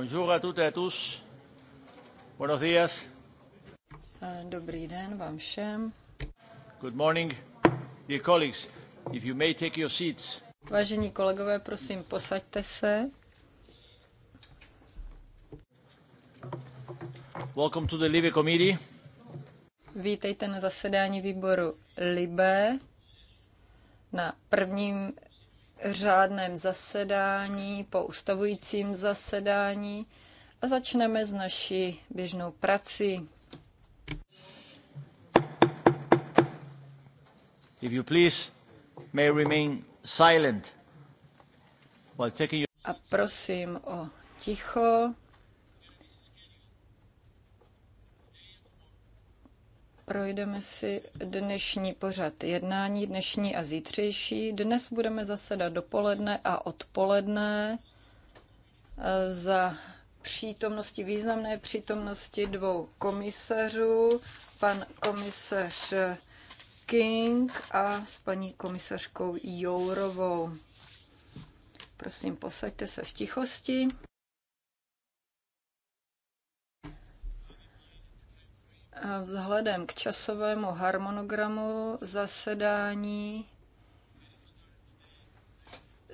Bonjour à toutes et à tous. Buenos días. Eh, dobrý den vám všem. Good morning, dear colleagues. If you may take your seats. Vážení kolegové, prosím, posaďte se. Welcome to the Libe Committee. Vítejte na zasedání výboru Libe na prvním řádném zasedání, po ustavujícím zasedání a začneme s naší běžnou prací. If you please, may remain silent while taking your... A prosím o ticho. projdeme si dnešní pořad jednání, dnešní a zítřejší. Dnes budeme zasedat dopoledne a odpoledne eh, za přítomnosti, významné přítomnosti dvou komisařů, pan komisař King a s paní komisařkou Jourovou. Prosím, posaďte se v tichosti. Vzhledem k časovému harmonogramu zasedání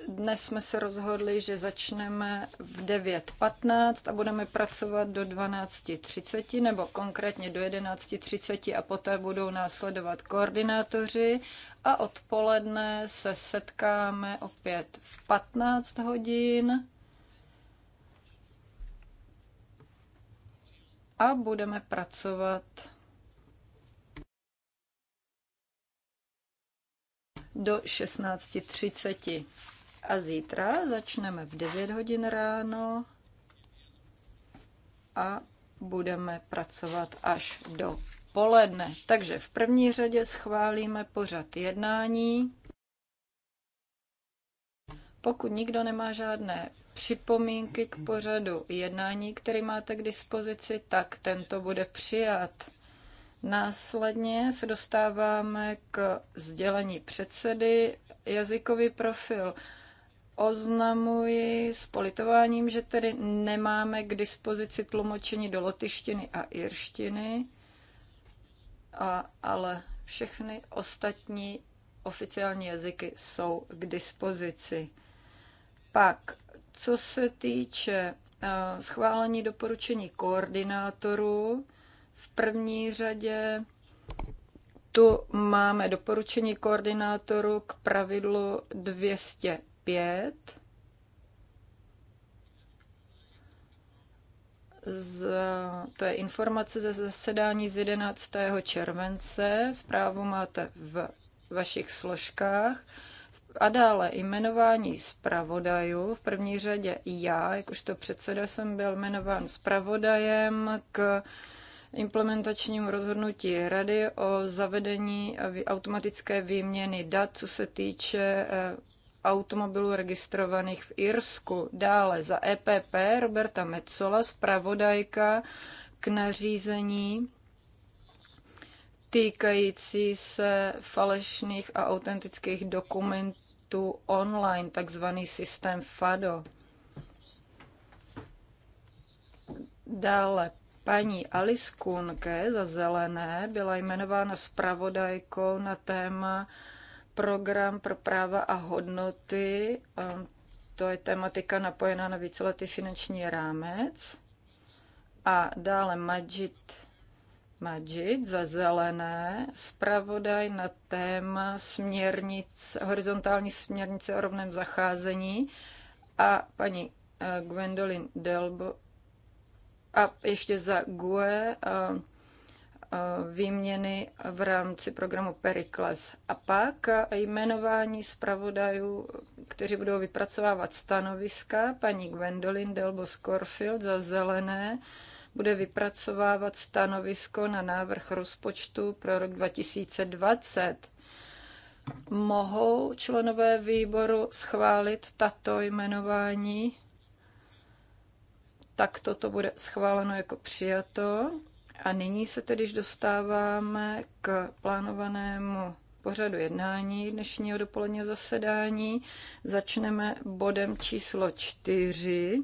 dnes jsme se rozhodli, že začneme v 9.15 a budeme pracovat do 12.30 nebo konkrétně do 11.30 a poté budou následovat koordinátoři a odpoledne se setkáme opět v 15 hodin a budeme pracovat do 16.30. A zítra začneme v 9 hodin ráno a budeme pracovat až do poledne. Takže v první řadě schválíme pořad jednání. Pokud nikdo nemá žádné připomínky k pořadu jednání, který máte k dispozici, tak tento bude přijat. Následně se dostáváme k sdělení předsedy jazykový profil. Oznamuji s politováním, že tedy nemáme k dispozici tlumočení do lotištiny a irštiny, a, ale všechny ostatní oficiální jazyky jsou k dispozici. Pak co se týče eh, schválení doporučení koordinátorů, v první řadě tu máme doporučení koordinátoru k pravidlu 205. Z, to je informace ze zasedání z 11. července. Zprávu máte v vašich složkách. A dále jmenování zpravodajů. V první řadě já, jakožto předseda, jsem byl jmenován zpravodajem k implementačnímu rozhodnutí Rady o zavedení automatické výměny dat, co se týče eh, automobilů registrovaných v Irsku. Dále za EPP Roberta Metzola, zpravodajka k nařízení týkající se falešných a autentických dokumentů tu online, takzvaný systém FADO. Dále paní Alice Kunke za zelené byla jmenována zpravodajkou na téma program pro práva a hodnoty. To je tematika napojená na víceletý finanční rámec. A dále Majid Majid za zelené, zpravodaj na téma směrnic, horizontální směrnice o rovném zacházení a paní eh, Gwendolyn Delbo a ještě za GUE eh, eh, výměny v rámci programu Perikles. A pak jmenování zpravodajů, kteří budou vypracovávat stanoviska, paní Gwendolyn Delbo Scorfield za zelené, bude vypracovávat stanovisko na návrh rozpočtu pro rok 2020. Mohou členové výboru schválit tato jmenování? Tak toto bude schváleno jako přijato. A nyní se tedy dostáváme k plánovanému pořadu jednání dnešního dopoledního zasedání. Začneme bodem číslo čtyři.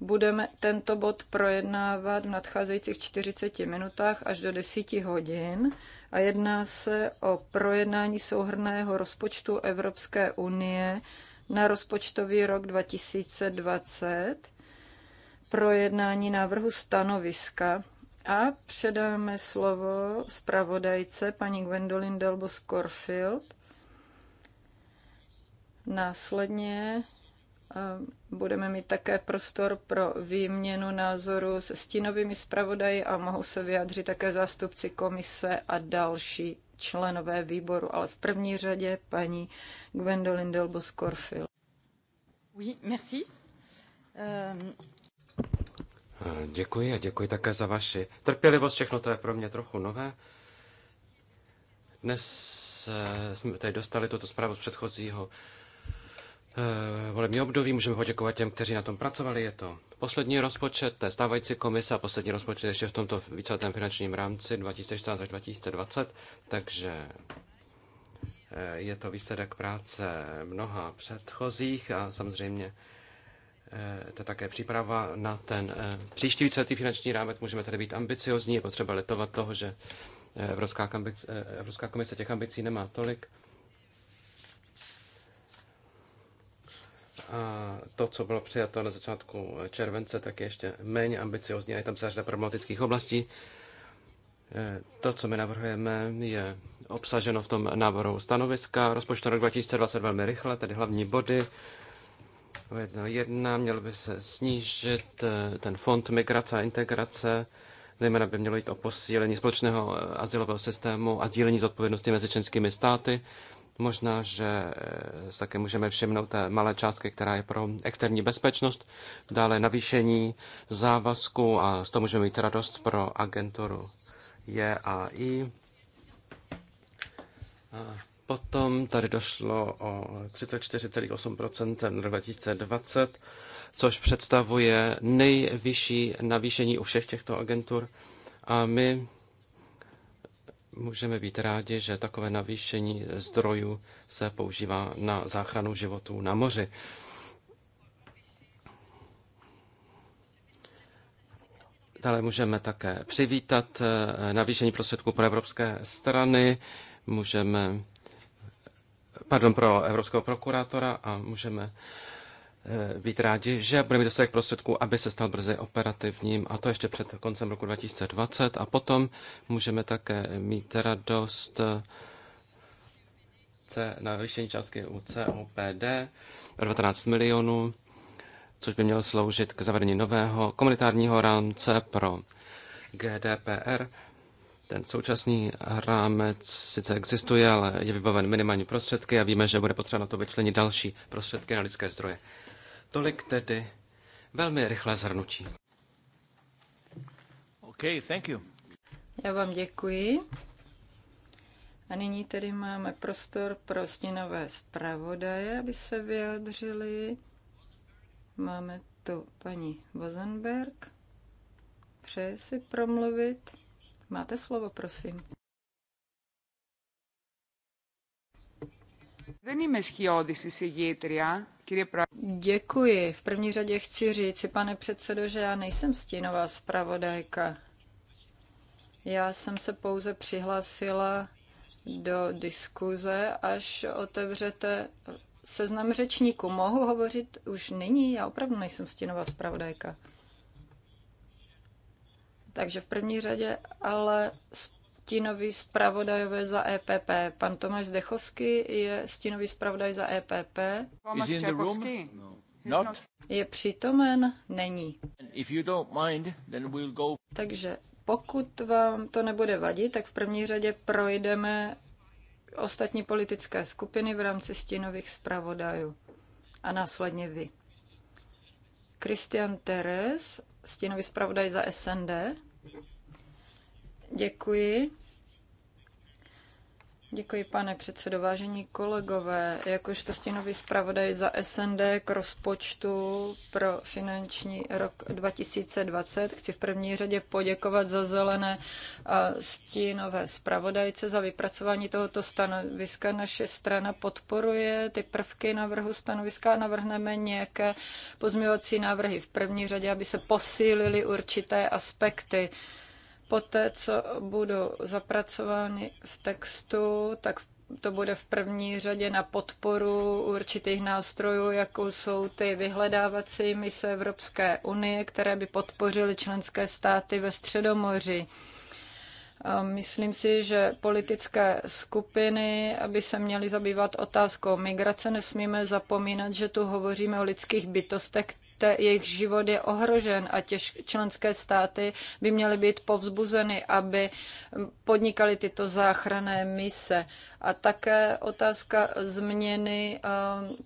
Budeme tento bod projednávat v nadcházejících 40 minutách až do 10 hodin a jedná se o projednání souhrného rozpočtu Evropské unie na rozpočtový rok 2020, projednání návrhu stanoviska a předáme slovo zpravodajce paní Gwendolyn Delbos Corfield. Následně ehm, Budeme mít také prostor pro výměnu názoru se stínovými zpravodaji a mohou se vyjádřit také zástupci komise a další členové výboru, ale v první řadě paní Gwendolyn Delbos Corfil. Oui, merci. Um... Děkuji a děkuji také za vaši trpělivost. Všechno to je pro mě trochu nové. Dnes eh, jsme tady dostali tuto zprávu z předchozího Eh, volební období. Můžeme poděkovat těm, kteří na tom pracovali. Je to poslední rozpočet té stávající komise a poslední rozpočet ještě v tomto víceletém finančním rámci 2014 až 2020. Takže eh, je to výsledek práce mnoha předchozích a samozřejmě eh, to je také příprava na ten příští víceletý finanční rámec. Můžeme tady být ambiciozní, je potřeba letovat toho, že Evropská, Evropská komise těch ambicí nemá tolik. A to, co bylo přijato na začátku července, tak je ještě méně ambiciozní a je tam celá řada problematických oblastí. E, to, co my navrhujeme, je obsaženo v tom návrhu stanoviska. Rozpočtu rok 2020 velmi rychle, tedy hlavní body. Jedna, jedna, měl by se snížit e, ten fond migrace a integrace. Zejména by mělo jít o posílení společného e, azylového systému a sdílení zodpovědnosti mezi členskými státy. Možná, že eh, také můžeme všimnout té malé částky, která je pro externí bezpečnost, dále navýšení závazku a z toho můžeme mít radost pro agenturu JAI. A potom tady došlo o 34,8% roku 2020, což představuje nejvyšší navýšení u všech těchto agentur. A my Můžeme být rádi, že takové navýšení zdrojů se používá na záchranu životů na moři. Dále můžeme také přivítat eh, navýšení prostředků pro evropské strany, můžeme, pardon, pro evropského prokurátora a můžeme Eh, být rádi, že bude mít dostatek prostředků, aby se stal brzy operativním, a to ještě před koncem roku 2020. A potom můžeme také mít radost eh, vyšší částky u COPD 19 milionů, což by mělo sloužit k zavedení nového komunitárního rámce pro GDPR. Ten současný rámec sice existuje, ale je vybaven minimální prostředky a víme, že bude potřeba na to vyčlenit další prostředky na lidské zdroje. Tolik tedy velmi rychlé zhrnutí. Okay, thank you. Já vám děkuji. A nyní tedy máme prostor pro stěnové zpravodaje, aby se vyjádřili. Máme tu paní Vozenberg. Přeje si promluvit. Máte slovo, prosím. Děkuji. V první řadě chci si, pane předsedo, že já nejsem stínová zpravodajka. Já jsem se pouze přihlásila do diskuze, až otevřete seznam řečníků. Mohu hovořit už nyní? Já opravdu nejsem stínová zpravodajka. Takže v první řadě ale stínový zpravodajové za EPP. Pan Tomáš Zdechovský je stínový zpravodaj za EPP. Tomáš no. Zdechovský? Not. Je přítomen? Není. If you don't mind, then we'll go. Takže pokud vám to nebude vadit, tak v první řadě projdeme ostatní politické skupiny v rámci stínových zpravodajů a následně vy. Christian Teres, stínový zpravodaj za SND. Děkuji. Děkuji, pane předsedo. Vážení kolegové, jakožto stínový zpravodaj za SND k rozpočtu pro finanční rok 2020 chci v první řadě poděkovat za zelené stínové zpravodajce za vypracování tohoto stanoviska. Naše strana podporuje ty prvky návrhu stanoviska a navrhneme nějaké pozměňovací návrhy v první řadě, aby se posílily určité aspekty Poté, co budou zapracovány v textu, tak to bude v první řadě na podporu určitých nástrojů, jako jsou ty vyhledávací mise Evropské unie, které by podpořily členské státy ve Středomoři. Myslím si, že politické skupiny aby se měly zabývat otázkou migrace. Nesmíme zapomínat, že tu hovoříme o lidských bytostech, jejich život je ohrožen a těž, členské státy by měly být povzbuzeny, aby podnikali tyto záchranné mise a také otázka změny eh,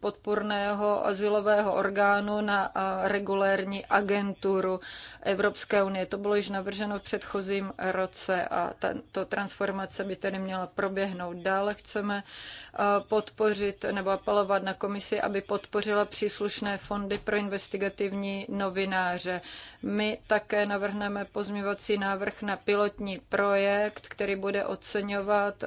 podporného asilového orgánu na eh, regulérní agenturu Evropské unie. To bylo již navrženo v předchozím roce a tato transformace by tedy měla proběhnout. Dále chceme eh, podpořit nebo apelovat na komisi, aby podpořila příslušné fondy pro investigativní novináře. My také navrhneme pozměvací návrh na pilotní projekt, který bude oceňovat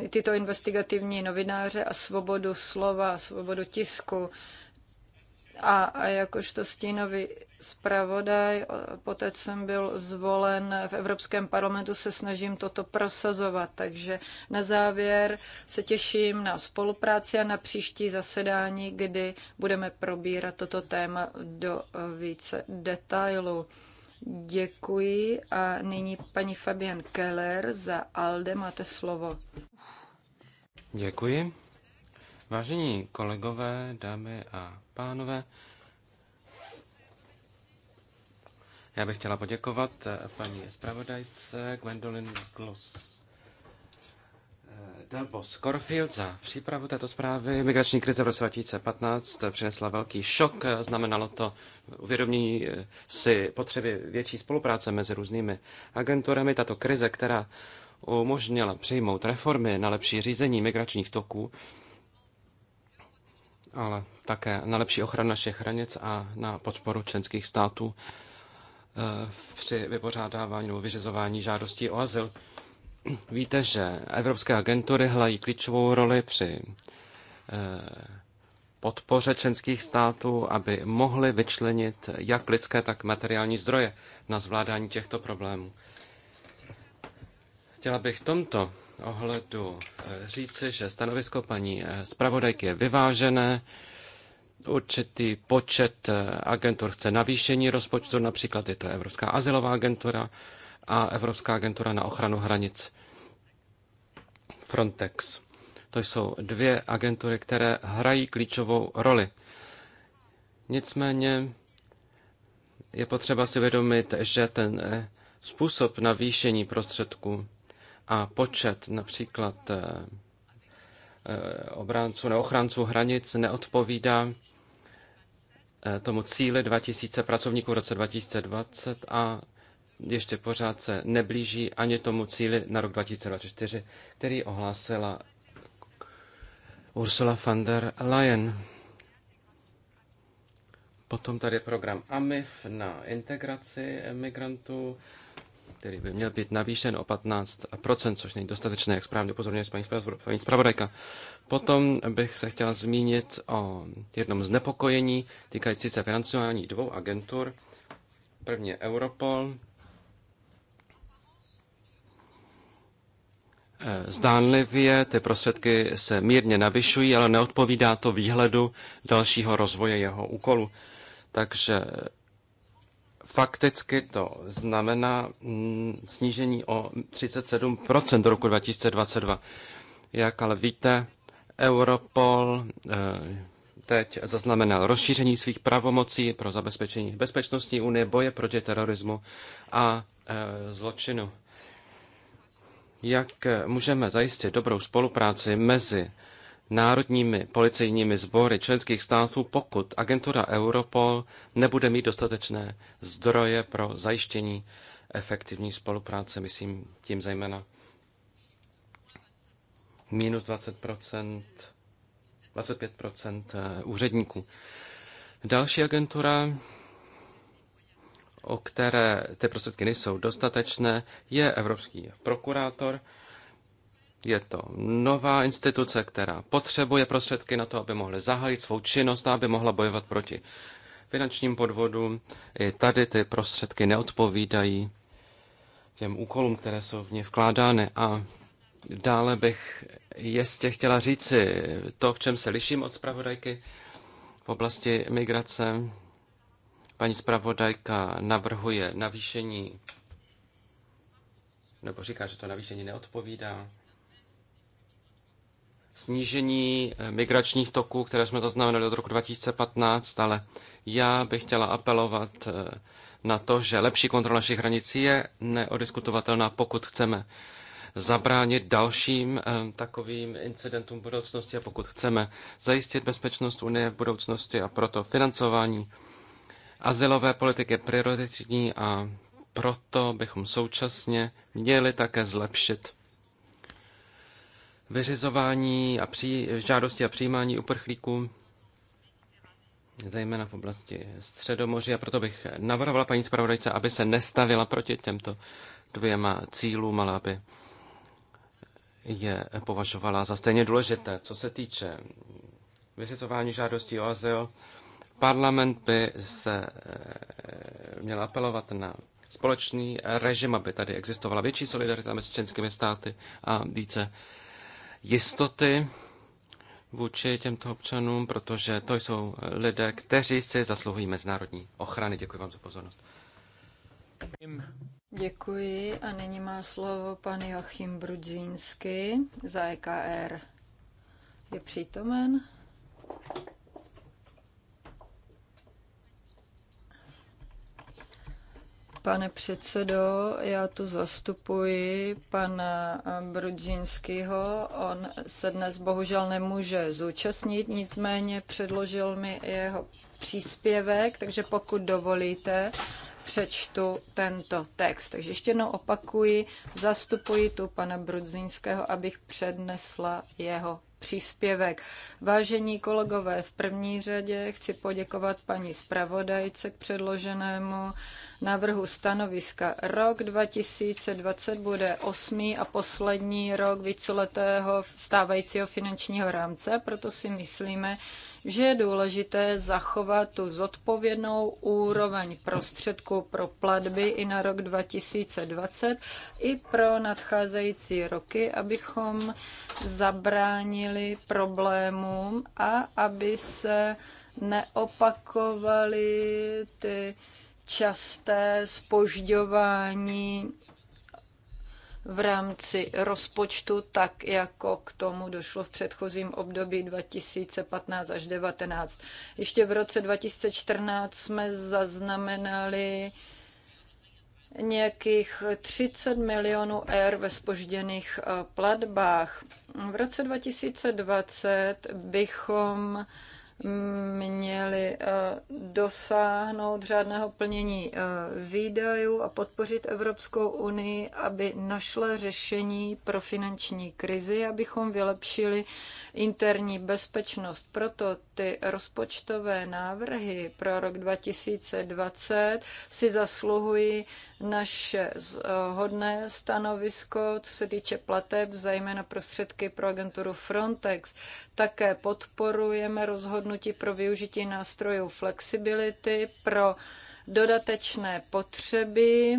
Eh, tyto investigativní novináře a svobodu slova, svobodu tisku. A, a jakožto stínový zpravodaj, poté jsem byl zvolen v Evropském parlamentu, se snažím toto prosazovat. Takže na závěr se těším na spolupráci a na příští zasedání, kdy budeme probírat toto téma do eh, více detailů. Děkuji a nyní paní Fabian Keller za ALDE. Máte slovo. Děkuji. Vážení kolegové, dámy a pánové, já bych chtěla poděkovat paní zpravodajce Gwendolyn Gloss Delbo Scorfield za přípravu této zprávy. Migrační krize v roce 2015 přinesla velký šok. Znamenalo to uvědomění eh, si potřeby větší spolupráce mezi různými agenturami. Tato krize, která umožnila přijmout reformy na lepší řízení migračních toků, ale také na lepší ochranu našich hranic a na podporu členských států eh, při vypořádávání nebo vyřizování žádostí o azyl. Víte, že evropské agentury hrají klíčovou roli při eh, podpoře členských států, aby mohly vyčlenit jak lidské, tak materiální zdroje na zvládání těchto problémů. Chtěla bych v tomto ohledu eh, říci, že stanovisko paní eh, zpravodajky je vyvážené. Určitý počet agentur chce navýšení rozpočtu, například je to Evropská asilová agentura, a Evropská agentura na ochranu hranic Frontex. To jsou dvě agentury, které hrají klíčovou roli. Nicméně je potřeba si vědomit, že ten eh, způsob navýšení prostředků a počet například eh, eh, obránců nebo ochránců hranic neodpovídá tomu cíli 2000 pracovníků v roce 2020 a ještě pořád se neblíží ani tomu cíli na rok 2024, který ohlásila Ursula von der Leyen. Potom tady je program AMIF na integraci migrantů, který by měl být navýšen o 15%, což není dostatečné, jak správně upozorňuje paní zpravodajka. Potom bych se chtěla zmínit o jednom znepokojení týkající se financování dvou agentur. prvně Europol, Eh, zdánlivě ty prostředky se mírně navyšují, ale neodpovídá to výhledu dalšího rozvoje jeho úkolu. Takže fakticky to znamená mm, snížení o 37% do roku 2022. Jak ale víte, Europol eh, teď zaznamenal rozšíření svých pravomocí pro zabezpečení bezpečnostní unie, boje proti terorismu a eh, zločinu jak můžeme zajistit dobrou spolupráci mezi národními policejními sbory členských států, pokud agentura Europol nebude mít dostatečné zdroje pro zajištění efektivní spolupráce, myslím tím zejména minus 20%, 25% eh, úředníků. Další agentura o které ty prostředky nejsou dostatečné, je Evropský prokurátor. Je to nová instituce, která potřebuje prostředky na to, aby mohly zahájit svou činnost a aby mohla bojovat proti finančním podvodům. I tady ty prostředky neodpovídají těm úkolům, které jsou v ně vkládány. A dále bych jistě chtěla říci to, v čem se liším od zpravodajky v oblasti migrace. Paní zpravodajka navrhuje navýšení, nebo říká, že to navýšení neodpovídá snížení eh, migračních toků, které jsme zaznamenali od roku 2015, ale já bych chtěla apelovat eh, na to, že lepší kontrola našich hranic je neodiskutovatelná, pokud chceme zabránit dalším eh, takovým incidentům v budoucnosti a pokud chceme zajistit bezpečnost Unie v budoucnosti a proto financování Azylové politik je prioritní a proto bychom současně měli také zlepšit vyřizování a pří, žádosti a přijímání uprchlíků, zejména v oblasti Středomoří. A proto bych navrhovala paní zpravodajce, aby se nestavila proti těmto dvěma cílům, ale aby je považovala za stejně důležité. Co se týče vyřizování žádostí o azyl, Parlament by se eh, měl apelovat na společný režim, aby tady existovala větší solidarita mezi členskými státy a více jistoty vůči těmto občanům, protože to jsou lidé, kteří si zasluhují mezinárodní ochrany. Děkuji vám za pozornost. Děkuji a nyní má slovo pan Joachim Brudzínsky za EKR. Je přítomen? pane předsedo. Já tu zastupuji pana Brudzinského. On se dnes bohužel nemůže zúčastnit, nicméně předložil mi jeho příspěvek, takže pokud dovolíte, přečtu tento text. Takže ještě jednou opakuji, zastupuji tu pana Brudzinského, abych přednesla jeho příspěvek. Vážení kolegové, v první řadě chci poděkovat paní zpravodajce k předloženému návrhu stanoviska. Rok 2020 bude osmý a poslední rok víceletého stávajícího finančního rámce, proto si myslíme, že je důležité zachovat tu zodpovědnou úroveň prostředků pro platby i na rok 2020 i pro nadcházející roky, abychom zabránili problémům a aby se neopakovaly ty časté spožďování v rámci rozpočtu, tak jako k tomu došlo v předchozím období 2015 až 2019. Ještě v roce 2014 jsme zaznamenali nějakých 30 milionů eur ve spožděných eh, platbách. V roce 2020 bychom měli eh, dosáhnout řádného plnění eh, výdajů a podpořit Evropskou unii, aby našla řešení pro finanční krizi, abychom vylepšili interní bezpečnost. Proto ty rozpočtové návrhy pro rok 2020 si zasluhují naše eh, hodné stanovisko, co se týče plateb, zejména prostředky pro agenturu Frontex. Také podporujeme rozhodnutí rozhodnutí pro využití nástrojů flexibility pro dodatečné potřeby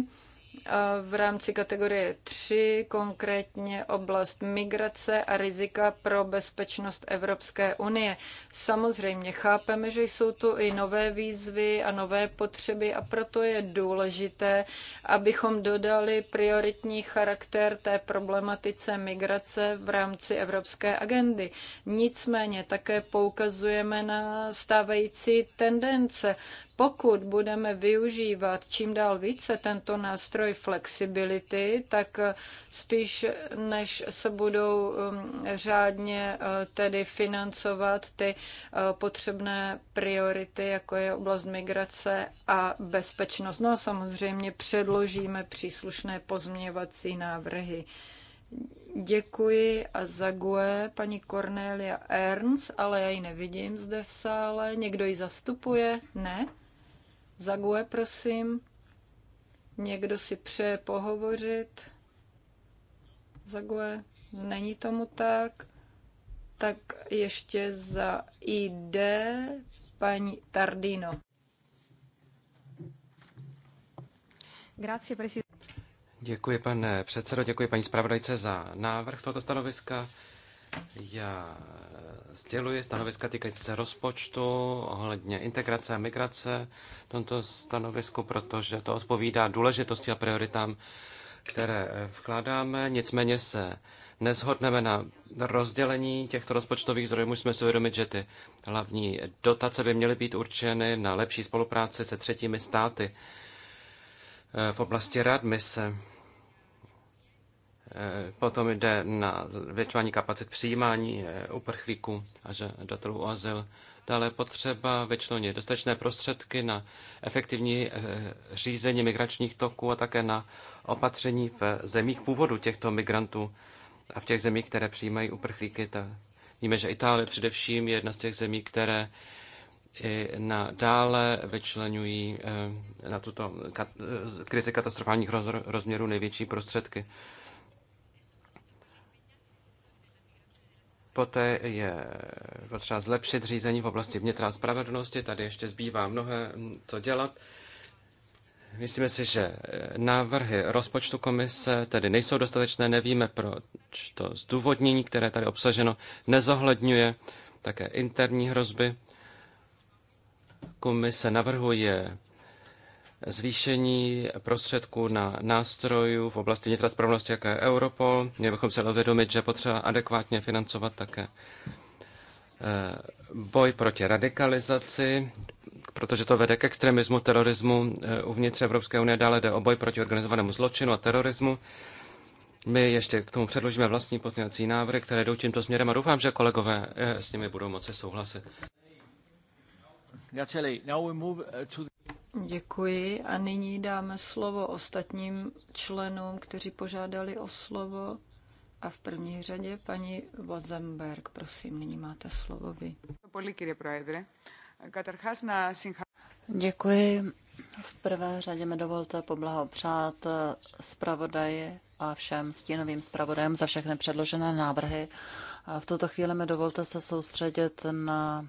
v rámci kategorie 3, konkrétně oblast migrace a rizika pro bezpečnost Evropské unie. Samozřejmě chápeme, že jsou tu i nové výzvy a nové potřeby a proto je důležité, abychom dodali prioritní charakter té problematice migrace v rámci evropské agendy. Nicméně také poukazujeme na stávající tendence pokud budeme využívat čím dál více tento nástroj flexibility, tak eh, spíš než se budou mm, řádně eh, tedy financovat ty eh, potřebné priority, jako je oblast migrace a bezpečnost. No a samozřejmě předložíme příslušné pozměňovací návrhy. Děkuji a zague paní Cornelia Ernst, ale já ji nevidím zde v sále. Někdo ji zastupuje? Ne? Zague, prosím. Někdo si přeje pohovořit? Zague? Není tomu tak. Tak ještě za ID paní Tardino. Děkuji, pane předsedo, děkuji paní zpravodajce za návrh tohoto stanoviska. Já eh, sděluji stanoviska týkající se rozpočtu ohledně integrace a migrace v tomto stanovisku, protože to odpovídá důležitosti a prioritám, které eh, vkládáme. Nicméně se nezhodneme na rozdělení těchto rozpočtových zdrojů. Musíme si uvědomit, že ty hlavní dotace by měly být určeny na lepší spolupráci se třetími státy eh, v oblasti readmise. Potom jde na většování kapacit přijímání uprchlíků a žadatelů o azyl. Dále potřeba vyčlenit dostatečné prostředky na efektivní eh, řízení migračních toků a také na opatření v zemích původu těchto migrantů a v těch zemích, které přijímají uprchlíky. Ta, víme, že Itálie především je jedna z těch zemí, které i dále vyčlenují eh, na tuto eh, krizi katastrofálních rozměrů největší prostředky. Poté je potřeba zlepšit řízení v oblasti vnitra a spravedlnosti. Tady ještě zbývá mnohé, mm, co dělat. Myslíme si, že eh, návrhy rozpočtu komise tedy nejsou dostatečné, nevíme, proč to zdůvodnění, které tady obsaženo, nezohledňuje také interní hrozby. Komise navrhuje zvýšení prostředků na nástrojů v oblasti vnitraspravnosti, jako je Europol. Měli bychom se uvědomit, že potřeba adekvátně financovat také eh, boj proti radikalizaci, protože to vede k extremismu, terorismu eh, uvnitř Evropské unie. Dále jde o boj proti organizovanému zločinu a terorismu. My ještě k tomu předložíme vlastní pozměňovací návrhy, které jdou tímto směrem a doufám, že kolegové eh, s nimi budou moci souhlasit. Děkuji a nyní dáme slovo ostatním členům, kteří požádali o slovo. A v první řadě paní Vozemberg, prosím, nyní máte slovo vy. Děkuji. V prvé řadě mi dovolte poblahopřát eh, zpravodaji a všem stínovým zpravodajem za všechny předložené návrhy. A v tuto chvíli mi dovolte se soustředit na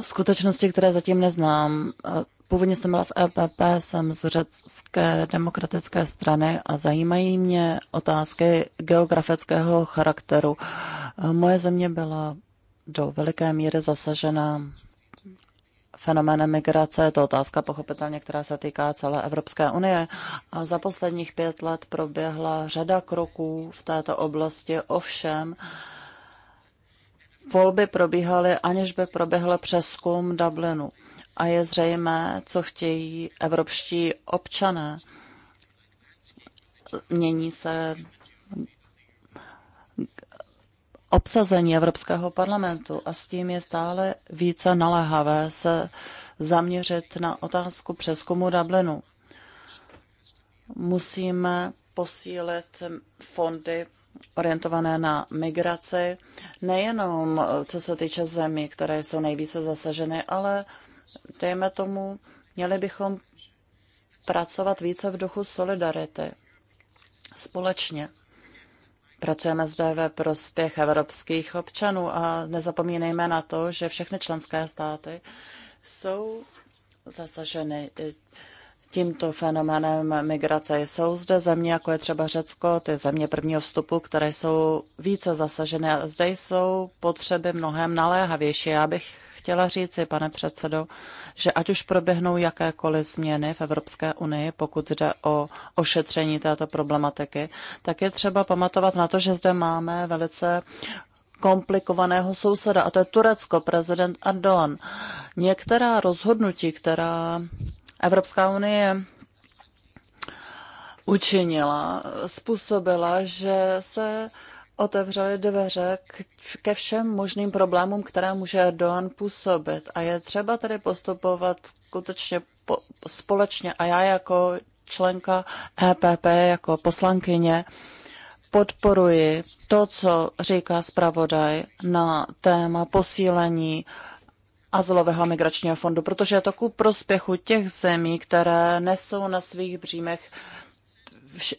skutečnosti, které zatím neznám. Původně jsem byla v EPP, jsem z řecké demokratické strany a zajímají mě otázky geografického charakteru. Moje země byla do veliké míry zasažena fenoménem migrace. Je to otázka pochopitelně, která se týká celé Evropské unie. A za posledních pět let proběhla řada kroků v této oblasti. Ovšem, uh, volby probíhaly, aniž by proběhl přeskum Dublinu. A je zřejmé, co chtějí evropští občané. Mění se obsazení Evropského parlamentu a s tím je stále více naléhavé se zaměřit na otázku přeskumu Dublinu. Musíme posílit fondy orientované na migraci, nejenom co se týče zemí, které jsou nejvíce zasaženy, ale dejme tomu, měli bychom pracovat více v duchu solidarity. Společně. Pracujeme zde ve prospěch evropských občanů a nezapomínejme na to, že všechny členské státy jsou zasaženy tímto fenoménem migrace. Jsou zde země, jako je třeba Řecko, ty země prvního vstupu, které jsou více zasažené. Zde jsou potřeby mnohem naléhavější. Já bych chtěla říci, pane předsedo, že ať už proběhnou jakékoliv změny v Evropské unii, pokud jde o ošetření této problematiky, tak je třeba pamatovat na to, že zde máme velice komplikovaného souseda, a to je Turecko, prezident Erdogan. Některá rozhodnutí, která Evropská unie učinila, způsobila, že se otevřely dveře ke všem možným problémům, které může Erdogan působit. A je třeba tedy postupovat skutečně po, společně. A já jako členka EPP, jako poslankyně, podporuji to, co říká zpravodaj na téma posílení uh, azylového migračního fondu, protože je to ku prospěchu těch zemí, které nesou na svých břímech vš-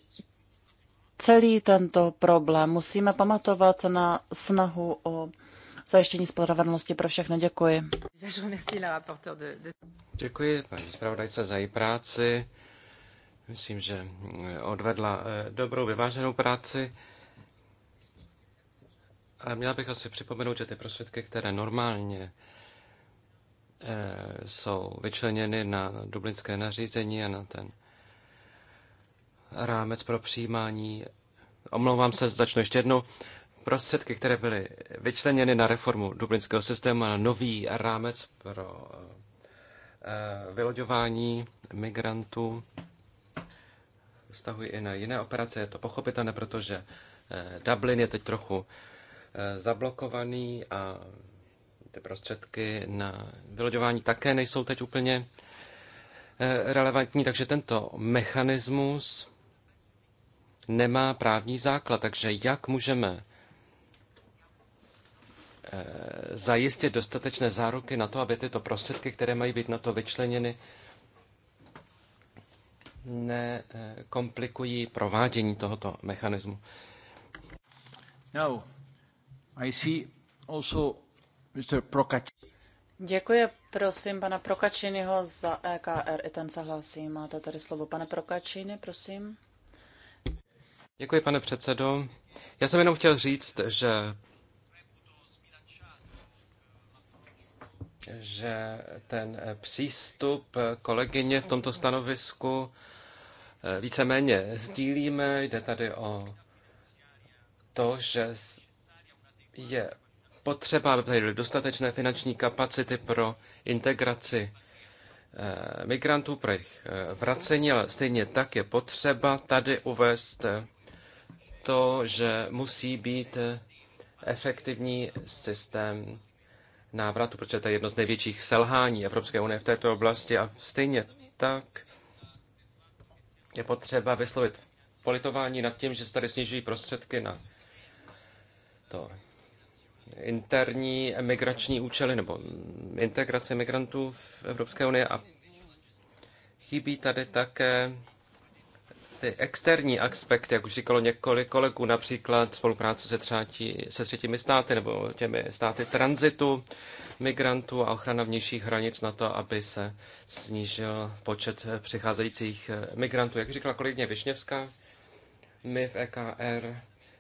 celý tento problém. Musíme pamatovat na snahu o zajištění spravedlnosti pro všechny. Děkuji. Děkuji paní zpravodajce za její práci. Myslím, že odvedla eh, dobrou vyváženou práci. Ale měla bych asi připomenout, že ty prostředky, které normálně Eh, jsou vyčleněny na dublinské nařízení a na ten rámec pro přijímání. Omlouvám se, začnu ještě jednou. Prostředky, které byly vyčleněny na reformu dublinského systému a na nový rámec pro eh, vyloďování migrantů, vztahují i na jiné operace. Je to pochopitelné, protože eh, Dublin je teď trochu zablokovaný a ty prostředky na vyloďování také nejsou teď úplně eh, relevantní, takže tento mechanismus nemá právní základ. Takže jak můžeme eh, zajistit dostatečné záruky na to, aby tyto prostředky, které mají být na to vyčleněny, nekomplikují provádění tohoto mechanismu. No, I see also Mr. Prokačin. Děkuji, prosím, pana Prokačiniho za EKR. I ten se hlásí. Máte tady slovo. Pane Prokačiny, prosím. Děkuji, pane předsedo. Já jsem jenom chtěl říct, že že ten přístup kolegyně v tomto stanovisku eh, víceméně sdílíme. Jde tady o to, že je potřeba, aby tady byly dostatečné finanční kapacity pro integraci eh, migrantů, pro jejich eh, vracení, ale stejně tak je potřeba tady uvést eh, to, že musí být efektivní systém návratu, protože to je jedno z největších selhání Evropské unie v této oblasti a stejně tak je potřeba vyslovit politování nad tím, že se tady snižují prostředky na to interní emigrační účely nebo integrace migrantů v Evropské unii a chybí tady také ty externí aspekty, jak už říkalo několik kolegů, například spolupráce se, třátí, se třetími státy nebo těmi státy tranzitu migrantů a ochrana vnějších hranic na to, aby se snížil počet přicházejících migrantů. Jak říkala kolegyně Višněvská, my v EKR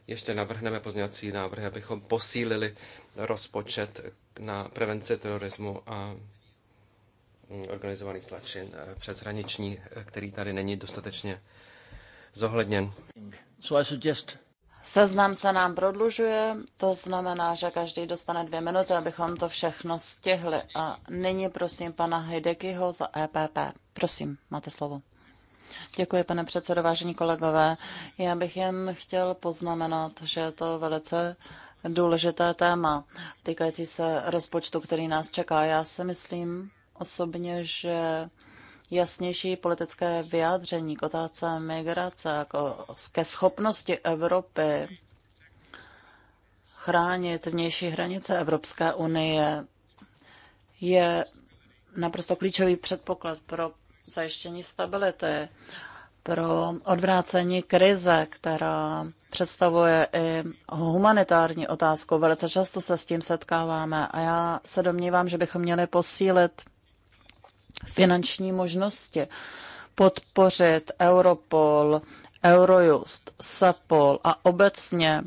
ještě navrhneme pozměňovací návrhy, abychom posílili rozpočet na prevenci terorismu a mm, organizovaný zločin eh, přeshraniční, eh, který tady není dostatečně zohledněn. Seznam se nám prodlužuje, to znamená, že každý dostane dvě minuty, abychom to všechno stihli. A nyní prosím pana Hidekyho za EPP. Prosím, máte slovo. Děkuji, pane předsedo, vážení kolegové. Já bych jen chtěl poznamenat, že je to velice důležité téma týkající se rozpočtu, který nás čeká. Já si myslím osobně, že jasnější politické vyjádření k otázce migrace, jako ke schopnosti Evropy chránit vnější hranice Evropské unie je naprosto klíčový předpoklad pro zajištění stability, pro odvrácení krize, která představuje i humanitární otázku. Velice často se s tím setkáváme a já se domnívám, že bychom měli posílit finanční možnosti, podpořit Europol, Eurojust, SAPOL a obecně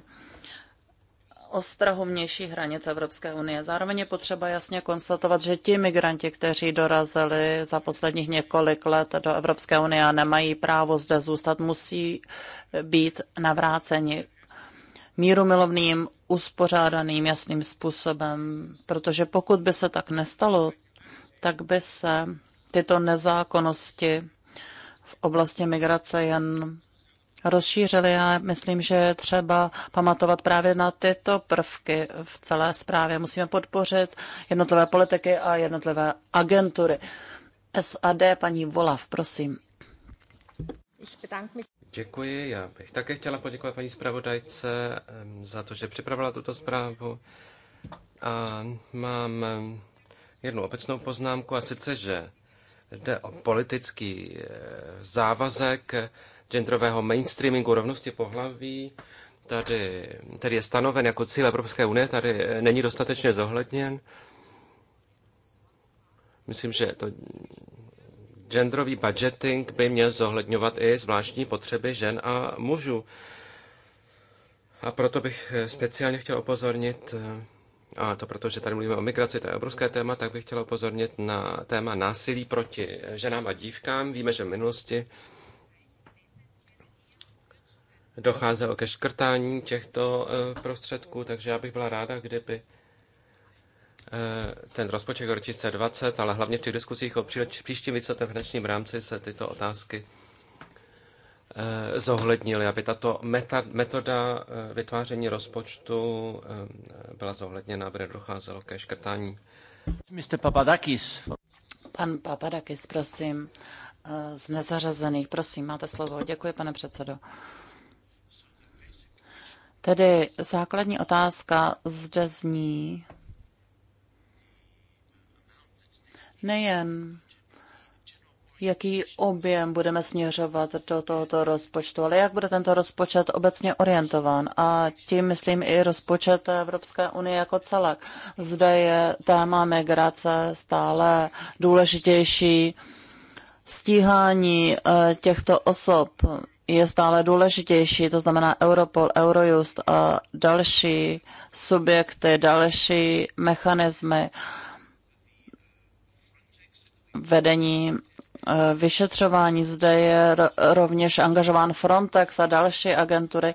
ostrahu vnějších hranic Evropské unie. Zároveň je potřeba jasně konstatovat, že ti migranti, kteří dorazili za posledních několik let do Evropské unie a nemají právo zde zůstat, musí být navráceni mírumilovným, uspořádaným, jasným způsobem. Protože pokud by se tak nestalo, tak by se tyto nezákonnosti v oblasti migrace jen rozšířili. Já myslím, že třeba pamatovat právě na tyto prvky v celé zprávě. Musíme podpořit jednotlivé politiky a jednotlivé agentury. SAD, paní Volav, prosím. Děkuji, já bych také chtěla poděkovat paní zpravodajce za to, že připravila tuto zprávu. A mám jednu obecnou poznámku, a sice, že jde o politický eh, závazek genderového mainstreamingu rovnosti pohlaví, tady, tady je stanoven jako cíl Evropské unie, tady není dostatečně zohledněn. Myslím, že to genderový budgeting by měl zohledňovat i zvláštní potřeby žen a mužů. A proto bych speciálně chtěl opozornit, a to protože tady mluvíme o migraci, to je obrovské téma, tak bych chtěl opozornit na téma násilí proti ženám a dívkám. Víme, že v minulosti docházelo ke škrtání těchto eh, prostředků, takže já bych byla ráda, kdyby eh, ten rozpočet 2020, ale hlavně v těch diskusích o příštím víceletém finančním rámci se tyto otázky eh, zohlednily, aby tato meta, metoda vytváření rozpočtu byla zohledněna, aby docházelo ke škrtání. Mr. Papadakis. Pan Papadakis, prosím, z nezařazených, prosím, máte slovo. Děkuji, pane předsedo. Tedy základní otázka zde zní nejen jaký objem budeme směřovat do tohoto rozpočtu, ale jak bude tento rozpočet obecně orientován. A tím myslím i rozpočet Evropské unie jako celek. Zde je téma migrace stále důležitější, stíhání eh, těchto osob, je stále důležitější, to znamená Europol, Eurojust a další subjekty, další mechanismy vedení eh, vyšetřování. Zde je rovněž angažován Frontex a další agentury,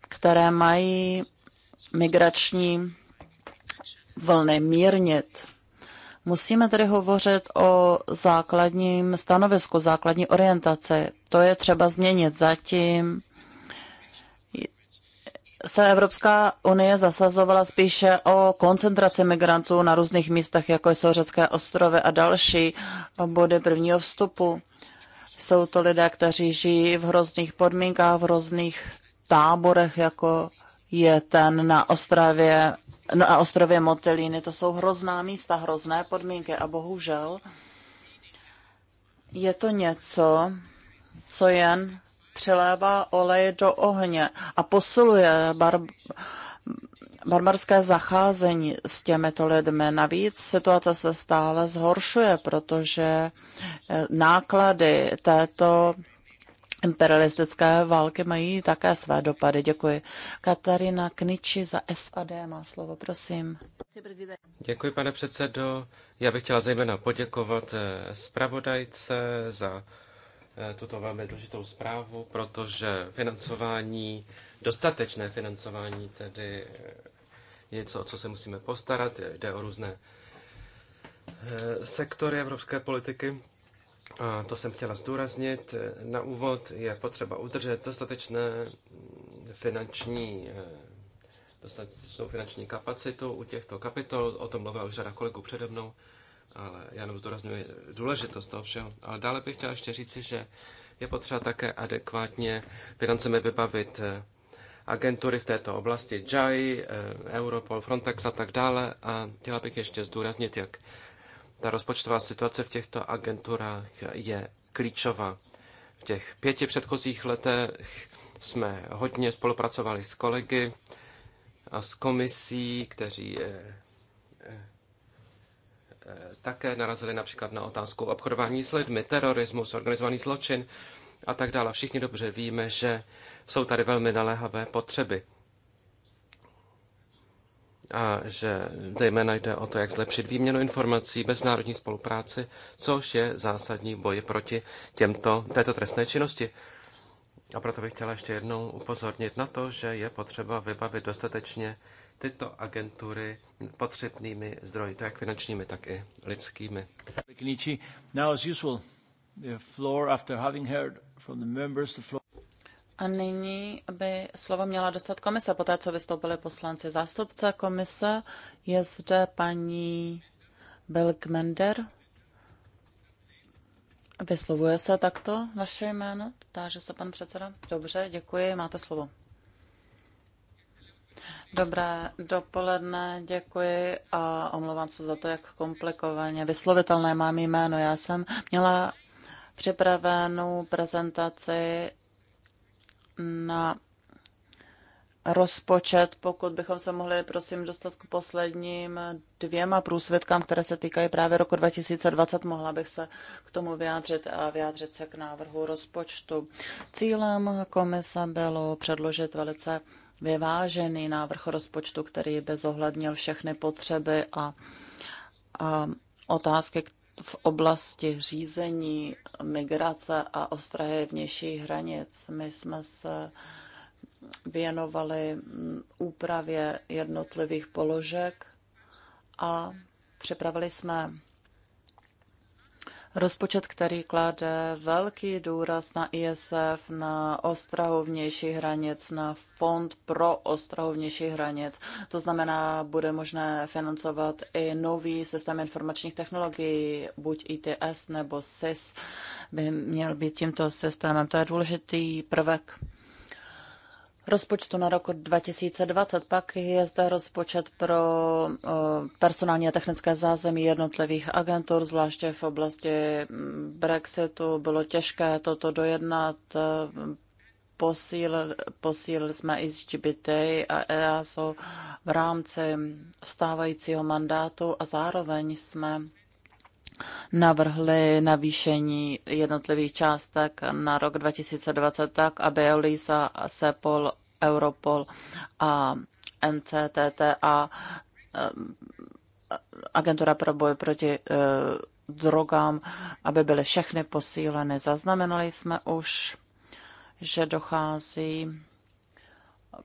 které mají migrační vlny mírnit. Musíme tedy hovořit o základním stanovisku, základní orientaci. To je třeba změnit. Zatím se Evropská unie zasazovala spíše o koncentraci migrantů na různých místech, jako jsou řecké ostrovy a další body prvního vstupu. Jsou to lidé, kteří žijí v hrozných podmínkách, v hrozných táborech, jako je ten na ostravě no a ostrově Motelíny, to jsou hrozná místa, hrozné podmínky a bohužel je to něco, co jen přilévá olej do ohně a posiluje bar- barbarské zacházení s těmito lidmi. Navíc situace se stále zhoršuje, protože eh, náklady této imperialistické války mají také své dopady. Děkuji. Katarina Kniči za SAD má slovo, prosím. Děkuji, pane předsedo. Já bych chtěla zejména poděkovat eh, zpravodajce za eh, tuto velmi důležitou zprávu, protože financování, dostatečné financování tedy eh, je něco, o co se musíme postarat. Jde o různé sektory evropské politiky a to jsem chtěla zdůraznit, eh, na úvod je potřeba udržet dostatečné mm, finanční eh, dostatečnou finanční kapacitu u těchto kapitol, o tom mluvila už řada kolegů přede mnou, ale já jenom zdůraznuju důležitost toho všeho. Ale dále bych chtěla ještě říci, že je potřeba také adekvátně financemi vybavit eh, agentury v této oblasti, JAI, Europol, Frontex a tak dále. A chtěla bych ještě zdůraznit, jak ta rozpočtová situace v těchto agenturách je klíčová. V těch pěti předchozích letech jsme hodně spolupracovali s kolegy a s komisí, kteří e, e, také narazili například na otázku obchodování s lidmi, terorismus, organizovaný zločin a tak dále. Všichni dobře víme, že jsou tady velmi naléhavé potřeby a že zejména jde o to, jak zlepšit výměnu informací, bez národní spolupráci, což je zásadní boji proti těmto, této trestné činnosti. A proto bych chtěla ještě jednou upozornit na to, že je potřeba vybavit dostatečně tyto agentury potřebnými zdroji, to jak finančními, tak i lidskými. Now, as usual, the floor after having heard from the members, the floor... A nyní by slovo měla dostat komise, poté co vystoupili poslanci. Zástupce komise je zde paní Belkmender. Vyslovuje se takto vaše jméno? Ptáže se pan předseda. Dobře, děkuji, máte slovo. Dobré dopoledne, děkuji a omlouvám se za to, jak komplikovaně vyslovitelné mám jméno. Já jsem měla připravenou prezentaci na rozpočet, pokud bychom se mohli, prosím, dostat k posledním dvěma průsvědkám které se týkají právě roku 2020. Mohla bych se k tomu vyjádřit a vyjádřit se k návrhu rozpočtu. Cílem komise bylo předložit velice vyvážený návrh rozpočtu, který by zohlednil všechny potřeby a, a otázky, v oblasti řízení, migrace a ostrahy vnějších hranic. My jsme se věnovali mm, úpravě jednotlivých položek a připravili jsme Rozpočet, který klade velký důraz na ISF, na ostrahu vnějších hranic, na fond pro ostrahu vnějších hranic. To znamená, bude možné financovat i nový systém informačních technologií, buď ITS nebo SIS by měl být tímto systémem. To je důležitý prvek rozpočtu na rok 2020. Pak je zde rozpočet pro personální a technické zázemí jednotlivých agentur, zvláště v oblasti mm, Brexitu. Bylo těžké toto dojednat. Posílili, posílili jsme i z GBT a EASO v rámci stávajícího mandátu a zároveň jsme navrhli navýšení jednotlivých částek na rok 2020 tak, aby Eulisa, Sepol, Europol a a eh, agentura pro boj proti eh, drogám, aby byly všechny posíleny. Zaznamenali jsme už, že dochází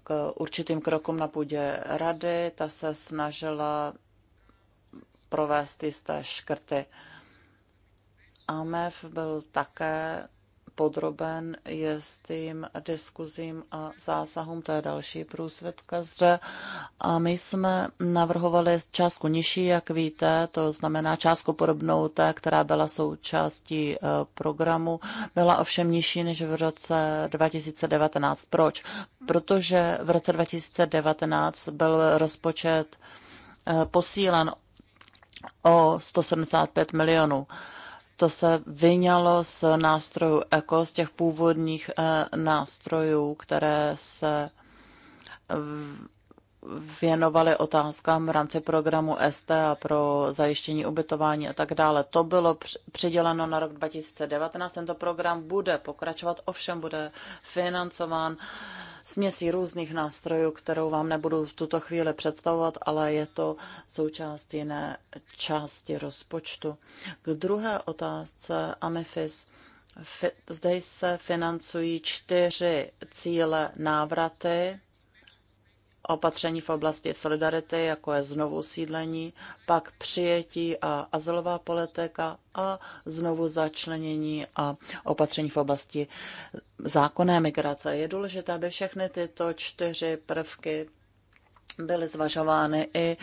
k určitým krokům na půdě rady. Ta se snažila provést jisté škrty. AMEF byl také podroben jistým diskuzím a zásahům, to je další průsvědka zde. A my jsme navrhovali částku nižší, jak víte, to znamená částku podobnou té, která byla součástí e, programu, byla ovšem nižší než v roce 2019. Proč? Protože v roce 2019 byl rozpočet e, posílen o 175 milionů. To se vyňalo z nástrojů ECO, z těch původních eh, nástrojů, které se věnovali otázkám v rámci programu ST a pro zajištění ubytování a tak dále. To bylo přiděleno na rok 2019. Tento program bude pokračovat, ovšem bude financován směsí různých nástrojů, kterou vám nebudu v tuto chvíli představovat, ale je to součást jiné části rozpočtu. K druhé otázce Amifis. Zde se financují čtyři cíle návraty opatření v oblasti solidarity, jako je znovu sídlení, pak přijetí a azylová politika a znovu začlenění a opatření v oblasti zákonné migrace. Je důležité, aby všechny tyto čtyři prvky byly zvažovány i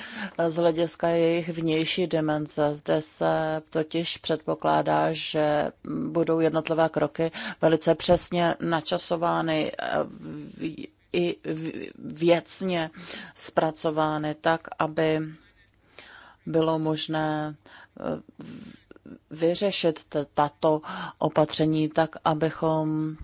z hlediska jejich vnější dimenze. Zde se totiž předpokládá, že budou jednotlivé kroky velice přesně načasovány eh, i věcně zpracovány tak, aby bylo možné eh, vyřešit tato opatření tak, abychom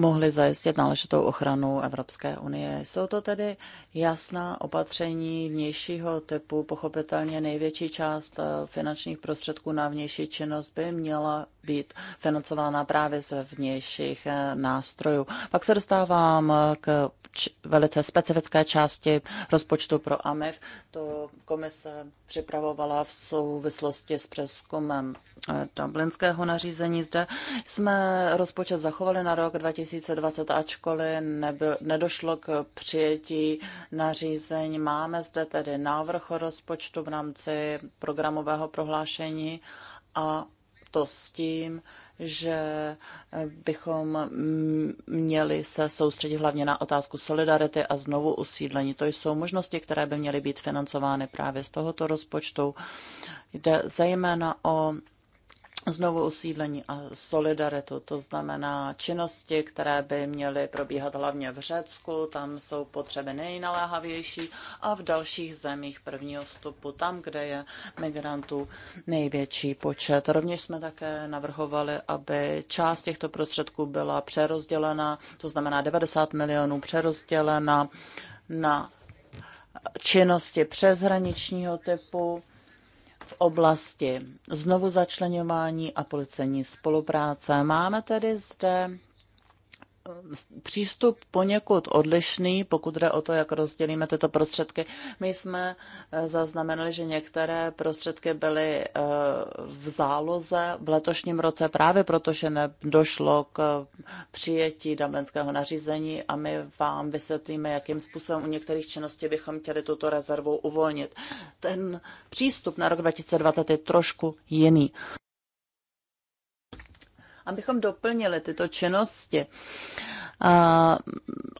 mohli zajistit náležitou ochranu Evropské unie. Jsou to tedy jasná opatření vnějšího typu. Pochopitelně největší část eh, finančních prostředků na vnější činnost by měla být financována právě z vnějších eh, nástrojů. Pak se dostávám eh, k velice specifické části rozpočtu pro AMIF. E to komise připravovala v souvislosti s přeskumem dublinského nařízení. Zde jsme rozpočet zachovali na rok 2020 2020, ačkoliv nebyl, nedošlo k přijetí nařízení. Máme zde tedy návrh rozpočtu v rámci programového prohlášení a to s tím, že bychom měli se soustředit hlavně na otázku solidarity a znovu usídlení. To jsou možnosti, které by měly být financovány právě z tohoto rozpočtu. Jde zejména o znovu usídlení a solidaritu. To znamená činnosti, které by měly probíhat hlavně v Řecku, tam jsou potřeby nejnaléhavější a v dalších zemích prvního vstupu, tam, kde je migrantů největší počet. Rovněž jsme také navrhovali, aby část těchto prostředků byla přerozdělena, to znamená 90 milionů přerozdělena na činnosti přeshraničního typu, v oblasti znovu začlenování a policejní spolupráce. Máme tedy zde přístup poněkud odlišný, pokud jde o to, jak rozdělíme tyto prostředky. My jsme eh, zaznamenali, že některé prostředky byly eh, v záloze v letošním roce právě proto, že nedošlo k eh, přijetí damlenského nařízení a my vám vysvětlíme, jakým způsobem u některých činností bychom chtěli tuto rezervu uvolnit. Ten přístup na rok 2020 je trošku jiný abychom doplnili tyto činnosti a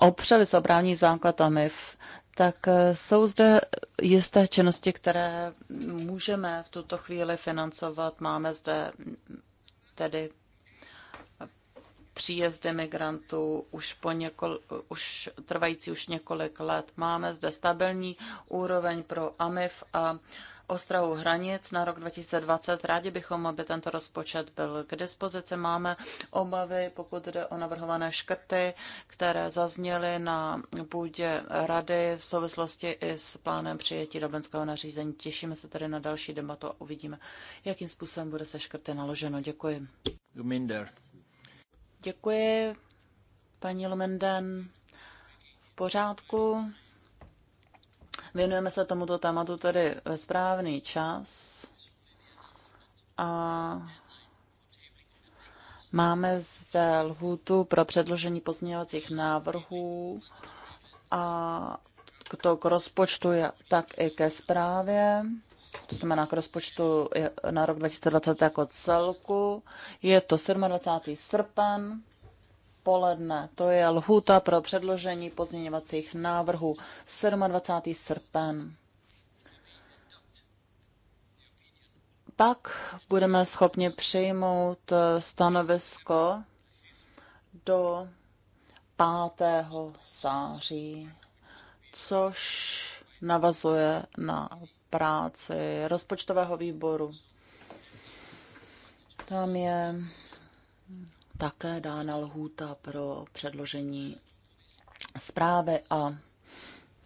opřeli se o právní základ AMIF, tak e, jsou zde jisté činnosti, které můžeme v tuto chvíli financovat. Máme zde tedy příjezdy migrantů už, po několik, už trvající už několik let. Máme zde stabilní úroveň pro AMIF a ostrahu hranic na rok 2020. Rádi bychom, aby tento rozpočet byl k dispozici. Máme obavy, pokud jde o navrhované škrty, které zazněly na půdě rady v souvislosti i s plánem přijetí dublinského nařízení. Těšíme se tedy na další debatu a uvidíme, jakým způsobem bude se škrty naloženo. Děkuji. Luminder. Děkuji, paní Lumenden. V pořádku. Věnujeme se tomuto tématu tedy ve správný čas a máme zde lhůtu pro předložení pozměňovacích návrhů a k to k rozpočtu je, tak i ke zprávě, to znamená k rozpočtu na rok 2020 jako celku. Je to 27. srpen poledne. To je lhuta pro předložení pozměňovacích návrhů 27. srpen. Pak budeme schopni přijmout eh, stanovisko do 5. září, což navazuje na práci rozpočtového výboru. Tam je také dána lhůta pro předložení zprávy a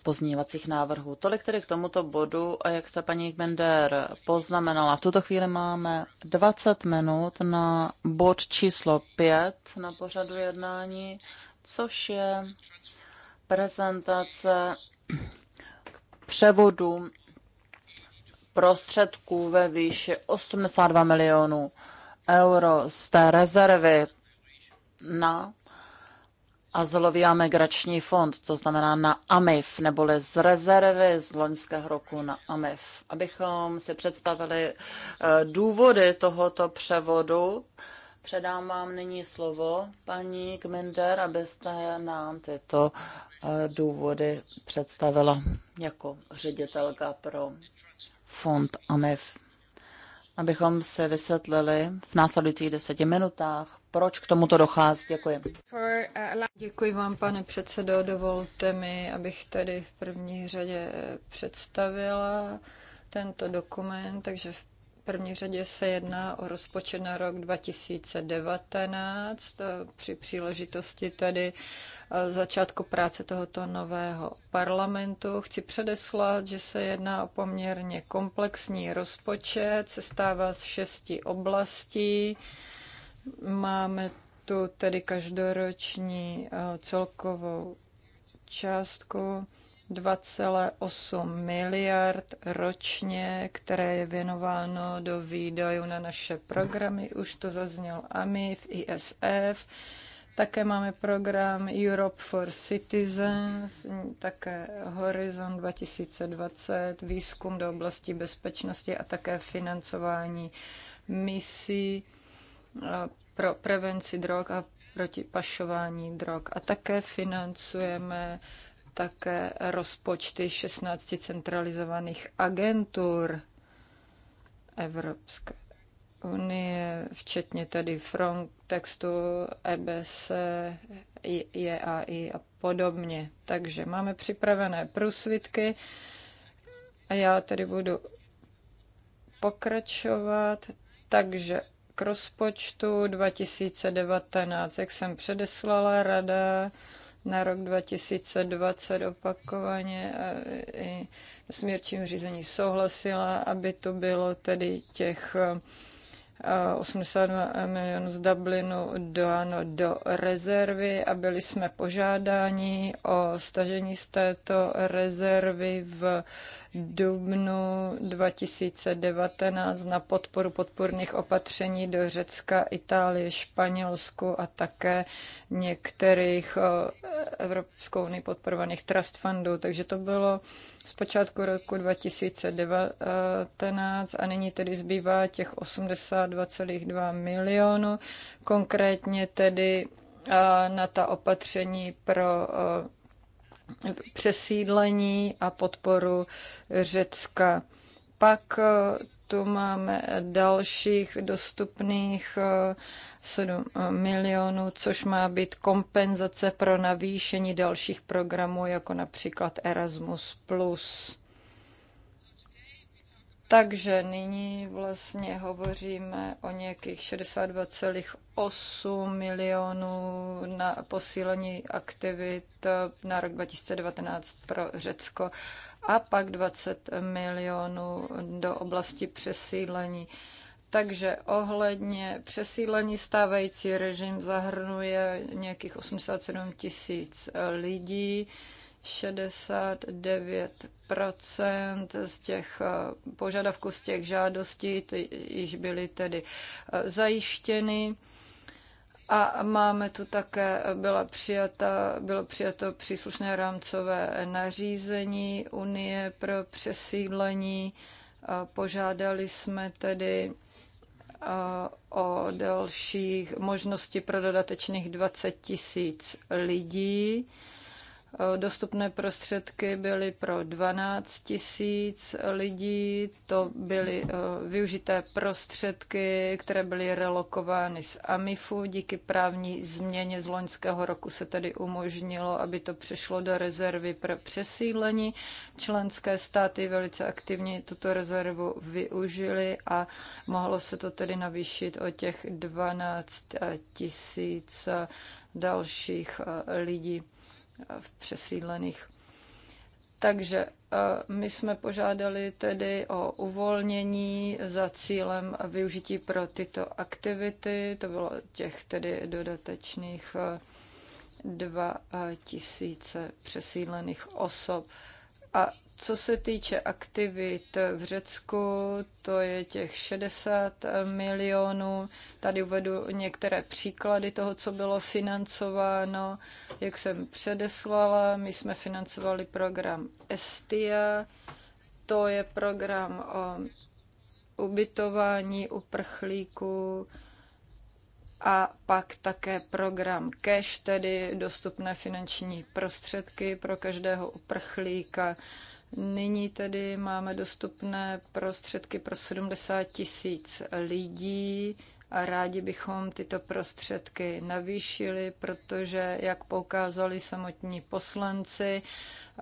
pozměňovacích návrhů. Tolik tedy k tomuto bodu a jak jste paní Bender poznamenala, v tuto chvíli máme 20 minut na bod číslo 5 na pořadu jednání, což je prezentace k převodu prostředků ve výši 82 milionů euro z té rezervy na azylový a migrační fond, to znamená na AMIF, neboli z rezervy z loňského roku na AMIF. Abychom si představili eh, důvody tohoto převodu, předám vám nyní slovo, paní Gminder, abyste nám tyto eh, důvody představila jako ředitelka pro fond AMIF abychom se vysvětlili v následujících deseti minutách, proč k tomuto dochází. Děkuji. Uh, Děkuji vám, pane předsedo. Dovolte mi, abych tady v první řadě představila tento dokument, takže v první řadě se jedná o rozpočet na rok 2019 při příležitosti tedy eh, začátku práce tohoto nového parlamentu. Chci předeslat, že se jedná o poměrně komplexní rozpočet, se stává z šesti oblastí. Máme tu tedy každoroční eh, celkovou částku 2,8 miliard ročně, které je věnováno do výdajů na naše programy. Už to zazněl AMIF, ISF. Také máme program Europe for Citizens, také Horizon 2020, výzkum do oblasti bezpečnosti a také financování misí eh, pro prevenci drog a proti pašování drog. A také financujeme uh, také rozpočty 16 centralizovaných agentur Evropské unie, včetně tedy Frontextu, EBS, JAI e a podobně. Takže máme připravené průsvitky a já tedy budu pokračovat. Takže k rozpočtu 2019, jak jsem předeslala, rada na rok 2020 opakovaně i smírčím řízení souhlasila, aby to bylo tedy těch 82 milionů z Dublinu dáno do rezervy a byli jsme požádáni o stažení z této rezervy v dubnu 2019 na podporu podporných opatření do Řecka, Itálie, Španělsku a také některých eh, Evropskou unii podporovaných trust fundů. Takže to bylo z počátku roku 2019 a nyní tedy zbývá těch 82,2 milionů konkrétně tedy eh, na ta opatření pro eh, přesídlení a podporu Řecka. Pak eh, tu máme dalších dostupných 7 eh, eh, milionů, což má být kompenzace pro navýšení dalších programů, jako například Erasmus+. Takže nyní vlastně hovoříme o nějakých 62,8 milionů na posílení aktivit na rok 2019 pro Řecko a pak 20 milionů do oblasti přesídlení. Takže ohledně přesídlení stávající režim zahrnuje nějakých 87 tisíc lidí 69 z těch eh, požadavků, z těch žádostí, ty již byly tedy eh, zajištěny. A máme tu také, eh, byla přijata, bylo přijato příslušné rámcové nařízení Unie pro přesídlení. Požádali jsme tedy o dalších možnosti pro dodatečných 20 tisíc lidí. Eh, dostupné prostředky byly pro 12 tisíc lidí, to byly eh, využité prostředky, které byly relokovány z AMIFu. Díky právní změně z loňského roku se tedy umožnilo, aby to přešlo do rezervy pro přesídlení. Členské státy velice aktivně tuto rezervu využili a mohlo se to tedy navýšit o těch 12 tisíc dalších eh, lidí v přesídlených. Takže eh, my jsme požádali tedy o uvolnění za cílem využití pro tyto aktivity. To bylo těch tedy dodatečných 2000 eh, eh, přesídlených osob. A co se týče aktivit v Řecku, to je těch 60 milionů. Tady uvedu některé příklady toho, co bylo financováno. Jak jsem předeslala, my jsme financovali program Estia, to je program o ubytování uprchlíků a pak také program cash, tedy dostupné finanční prostředky pro každého uprchlíka. Nyní tedy máme dostupné prostředky pro 70 tisíc lidí a rádi bychom tyto prostředky navýšili, protože, jak poukázali samotní poslanci,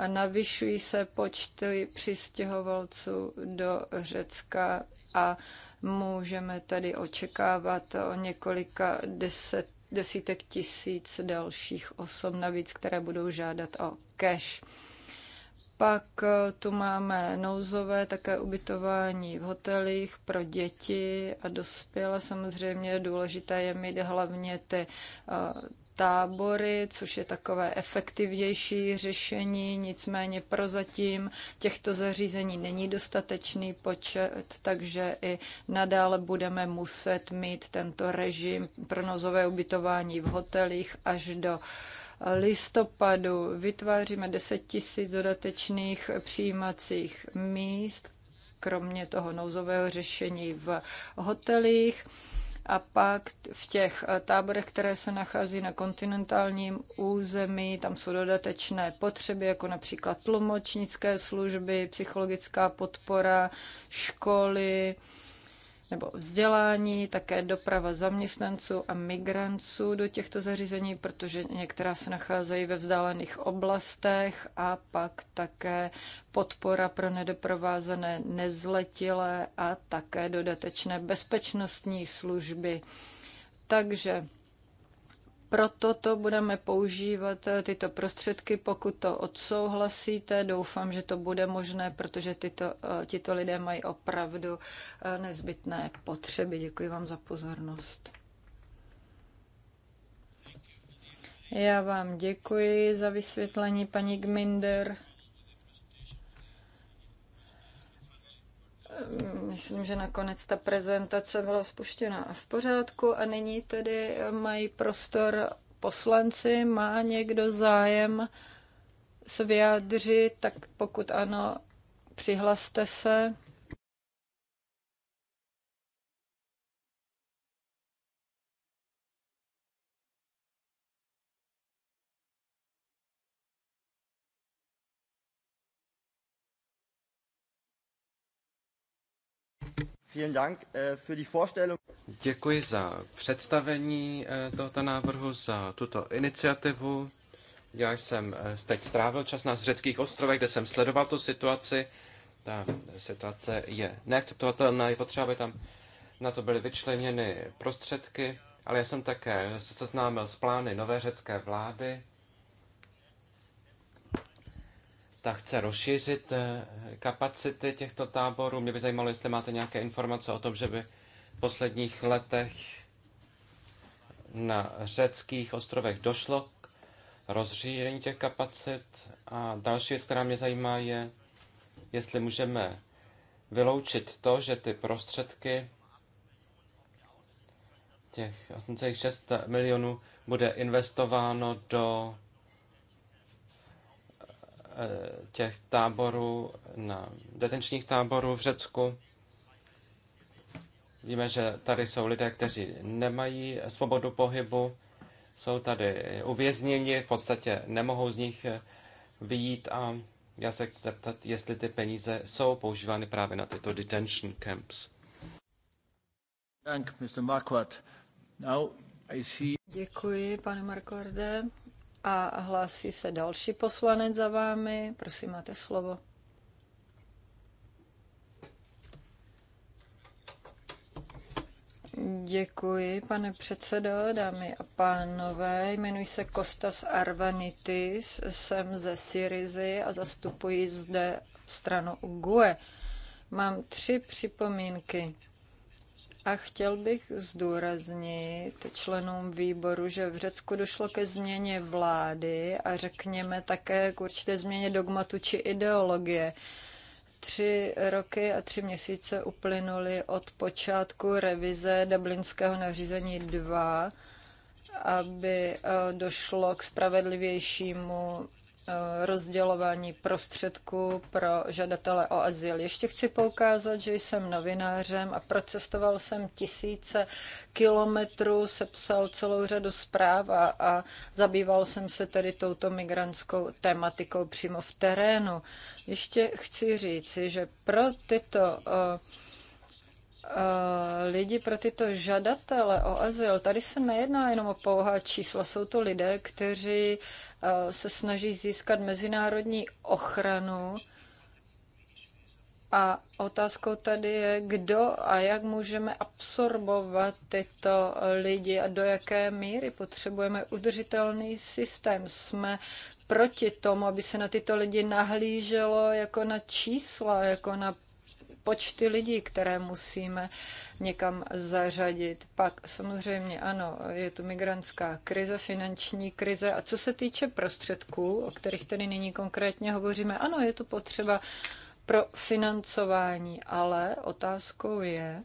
navyšují se počty přistěhovalců do Řecka a můžeme tady očekávat o několika deset, desítek tisíc dalších osob navíc, které budou žádat o cash. Pak eh, tu máme nouzové také ubytování v hotelích pro děti a dospělé. Samozřejmě důležité je mít hlavně ty eh, tábory, což je takové efektivnější řešení, nicméně prozatím těchto zařízení není dostatečný počet, takže i nadále budeme muset mít tento režim pro nozové ubytování v hotelích až do listopadu vytváříme 10 000 dodatečných přijímacích míst, kromě toho nouzového řešení v hotelích a pak v těch táborech, které se nachází na kontinentálním území, tam jsou dodatečné potřeby, jako například tlumočnické služby, psychologická podpora, školy, nebo vzdělání, také doprava zaměstnanců a migrantů do těchto zařízení, protože některá se nacházejí ve vzdálených oblastech a pak také podpora pro nedoprovázené nezletilé a také dodatečné bezpečnostní služby. Takže proto to budeme používat, eh, tyto prostředky, pokud to odsouhlasíte. Doufám, že to bude možné, protože tyto, eh, tyto lidé mají opravdu eh, nezbytné potřeby. Děkuji vám za pozornost. Já vám děkuji za vysvětlení, paní Gminder. Myslím, že nakonec ta prezentace byla spuštěna v pořádku a nyní tedy mají prostor poslanci. Má někdo zájem se vyjádřit, tak pokud ano, přihlaste se. Äh, Děkuji za představení äh, tohoto návrhu, za tuto iniciativu. Já jsem äh, teď strávil čas na řeckých ostrovech, kde jsem sledoval tu situaci. Ta situace je neakceptovatelná, je potřeba, aby tam na to byly vyčleněny prostředky, ale já jsem také se seznámil s plány nové řecké vlády ta chce rozšířit eh, kapacity těchto táborů. Mě by zajímalo, jestli máte nějaké informace o tom, že by v posledních letech na řeckých ostrovech došlo k rozšíření těch kapacit. A další věc, která mě zajímá, je, jestli můžeme vyloučit to, že ty prostředky těch 86 milionů bude investováno do Eh, těch táborů, na detenčních táborů v Řecku. Víme, že tady jsou lidé, kteří nemají svobodu pohybu, jsou tady uvězněni, v podstatě nemohou z nich eh, vyjít a já se chci zeptat, jestli ty peníze jsou používány právě na tyto detention camps. Děkuji, pane Markorde. A hlásí se další poslanec za vámi. Prosím, máte slovo. Děkuji, pane předsedo, dámy a pánové. Jmenuji se Kostas Arvanitis, jsem ze Syrizy a zastupuji zde stranu GUE. Mám tři připomínky. A chtěl bych zdůraznit členům výboru, že v Řecku došlo ke změně vlády a řekněme také k určité změně dogmatu či ideologie. Tři roky a tři měsíce uplynuly od počátku revize Dublinského nařízení 2, aby eh, došlo k spravedlivějšímu Eh, rozdělování prostředků pro žadatele o azyl. Ještě chci poukázat, že jsem novinářem a procestoval jsem tisíce kilometrů, sepsal celou řadu zpráv a, a zabýval jsem se tedy touto migrantskou tematikou přímo v terénu. Ještě chci říci, že pro tyto uh, Eh, lidi, pro tyto žadatele o azyl, tady se nejedná jenom o pouhá čísla, jsou to lidé, kteří eh, se snaží získat mezinárodní ochranu. A otázkou tady je, kdo a jak můžeme absorbovat tyto lidi a do jaké míry potřebujeme udržitelný systém. Jsme proti tomu, aby se na tyto lidi nahlíželo jako na čísla, jako na počty lidí, které musíme někam zařadit. Pak samozřejmě ano, je tu migrantská krize, finanční krize. A co se týče prostředků, o kterých tedy nyní konkrétně hovoříme, ano, je tu potřeba pro financování, ale otázkou je,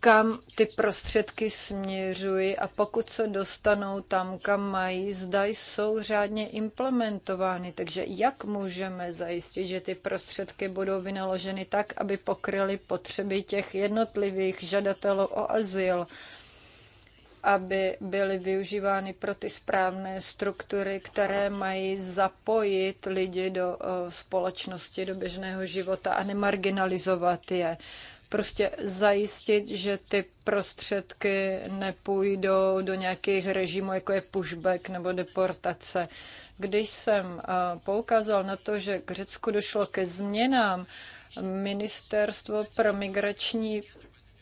kam ty prostředky směřují a pokud se dostanou tam, kam mají, zda jsou řádně implementovány. Takže jak můžeme zajistit, že ty prostředky budou vynaloženy tak, aby pokryly potřeby těch jednotlivých žadatelů o azyl, aby byly využívány pro ty správné struktury, které mají zapojit lidi do eh, společnosti, do běžného života a nemarginalizovat je prostě zajistit, že ty prostředky nepůjdou do nějakých režimů, jako je pushback nebo deportace. Když jsem eh, poukázal na to, že k Řecku došlo ke změnám, Ministerstvo pro migrační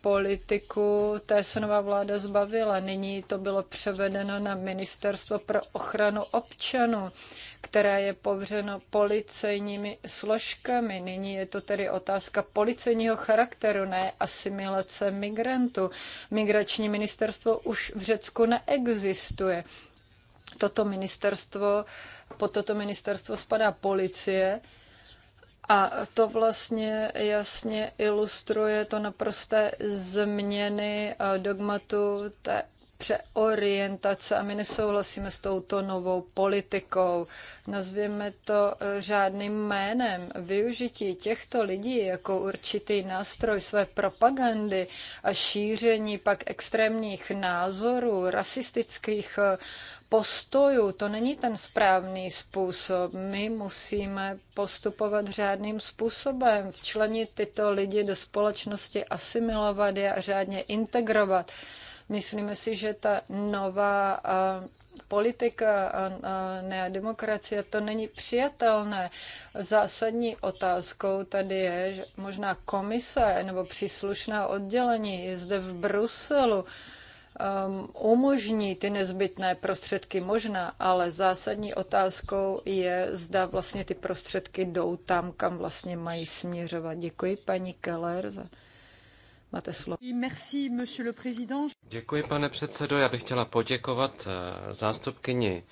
politiku té se nová vláda zbavila. Nyní to bylo převedeno na Ministerstvo pro ochranu občanů, které je povřeno policejními složkami. Nyní je to tedy otázka policejního charakteru, ne asimilace migrantů. Migrační ministerstvo už v Řecku neexistuje. Toto ministerstvo, pod toto ministerstvo spadá policie, a to vlastně jasně ilustruje to naprosté změny eh, dogmatu té přeorientace a my nesouhlasíme s touto novou politikou. Nazvěme to žádným eh, jménem. Využití těchto lidí jako určitý nástroj své propagandy a šíření pak extrémních názorů, rasistických eh, postojů. To není ten správný způsob. My musíme postupovat řádným způsobem, včlenit tyto lidi do společnosti, asimilovat je a řádně integrovat. Myslíme si, že ta nová politika a, ne demokracie, to není přijatelné. Zásadní otázkou tady je, že možná komise nebo příslušná oddělení je zde v Bruselu um, umožní ty nezbytné prostředky možná, ale zásadní otázkou je, zda vlastně ty prostředky jdou tam, kam vlastně mají směřovat. Děkuji paní Keller za Máte slovo. Děkuji, pane předsedo. Já bych chtěla poděkovat eh, zástupkyni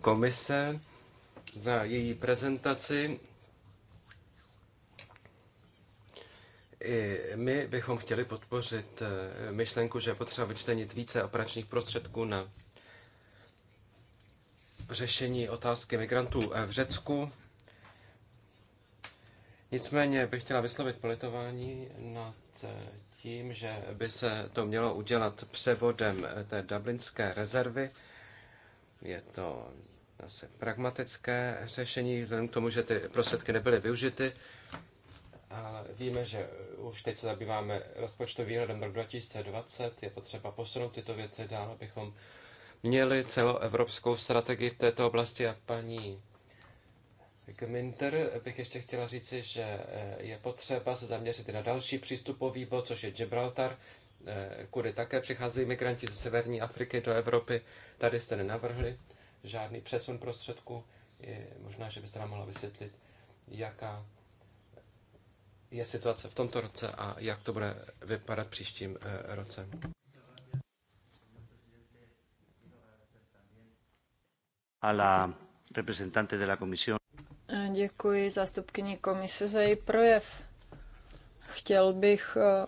komise za její prezentaci I my bychom chtěli podpořit eh, myšlenku, že je potřeba vyčlenit více operačních prostředků na řešení otázky migrantů eh, v Řecku. Nicméně bych chtěla vyslovit politování nad eh, tím, že by se to mělo udělat převodem té dublinské rezervy. Je to asi pragmatické řešení, vzhledem k tomu, že ty prostředky nebyly využity ale víme, že eh, už teď se zabýváme rozpočtovým výhledem do 2020, je potřeba posunout tyto věci dál, abychom měli celoevropskou strategii v této oblasti a paní Gminter bych ještě chtěla říci, že eh, je potřeba se zaměřit i na další přístupový bod, což je Gibraltar, eh, kudy také přicházejí migranti ze severní Afriky do Evropy. Tady jste nenavrhli žádný přesun prostředků. možná, že byste nám mohla vysvětlit, jaká je situace v tomto roce a jak to bude vypadat příštím eh, roce. A la representante de la comisión. Eh, děkuji zástupkyni komise za její projev. Chtěl bych eh,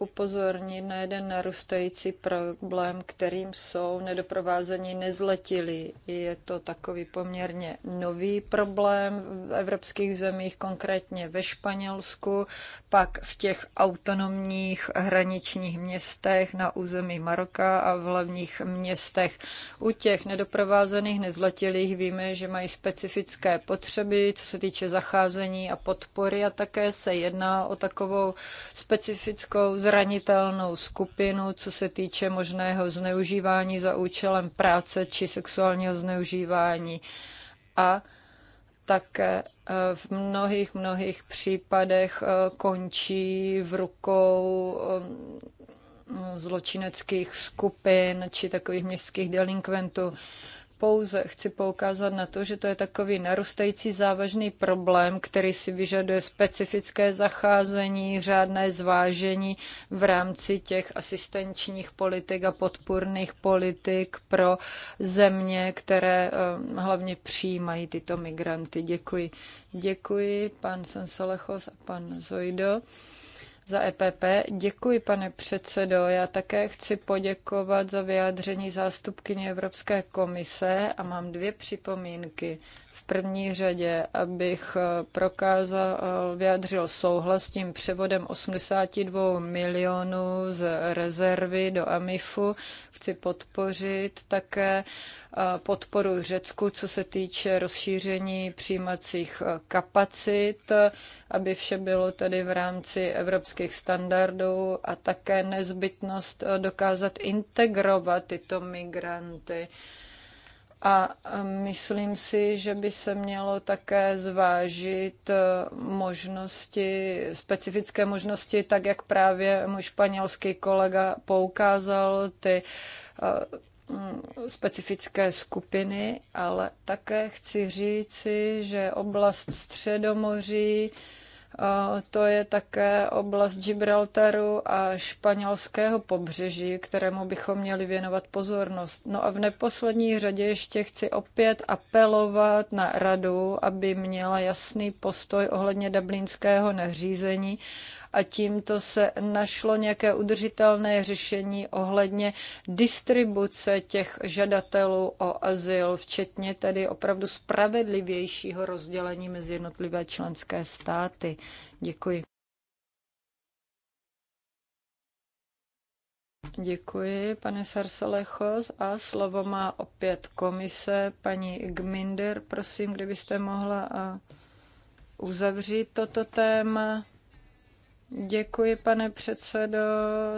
upozornit na jeden narůstající problém, kterým jsou nedoprovázení nezletilí. Je to takový poměrně nový problém v evropských zemích, konkrétně ve Španělsku, pak v těch autonomních hraničních městech na území Maroka a v hlavních městech. U těch nedoprovázených nezletilých víme, že mají specifické potřeby, co se týče zacházení a podpory a také se jedná o takovou specifickou zranitelnou skupinu, co se týče možného zneužívání za účelem práce či sexuálního zneužívání. A také eh, v mnohých, mnohých případech eh, končí v rukou eh, zločineckých skupin či takových městských delinkventů. Pouze chci poukázat na to, že to je takový narůstající závažný problém, který si vyžaduje specifické zacházení, řádné zvážení v rámci těch asistenčních politik a podpůrných politik pro země, které eh, hlavně přijímají tyto migranty. Děkuji. Děkuji, pan Sansalechos a pan Zoido za EPP. Děkuji, pane předsedo. Já také chci poděkovat za vyjádření zástupkyně Evropské komise a mám dvě připomínky v první řadě, abych eh, prokázal, eh, vyjadřil souhlas s tím převodem 82 milionů z rezervy do AMIFu. Chci podpořit také eh, podporu Řecku, co se týče rozšíření přijímacích kapacit, aby vše bylo tedy v rámci evropských standardů a také nezbytnost dokázat integrovat tyto migranty. A myslím si, že by se mělo také zvážit e, možnosti, specifické možnosti, tak jak právě můj španělský kolega poukázal, ty e, mm, specifické skupiny, ale také chci říci, že oblast Středomoří to je také oblast Gibraltaru a španělského pobřeží, kterému bychom měli věnovat pozornost. No a v neposlední řadě ještě chci opět apelovat na radu, aby měla jasný postoj ohledně dublinského nařízení a tímto se našlo nějaké udržitelné řešení ohledně distribuce těch žadatelů o azyl, včetně tedy opravdu spravedlivějšího rozdělení mezi jednotlivé členské státy. Děkuji. Děkuji, pane Sarsalechos. A slovo má opět komise. Paní Gminder, prosím, kdybyste mohla uzavřít toto téma. Děkuji, pane předsedo,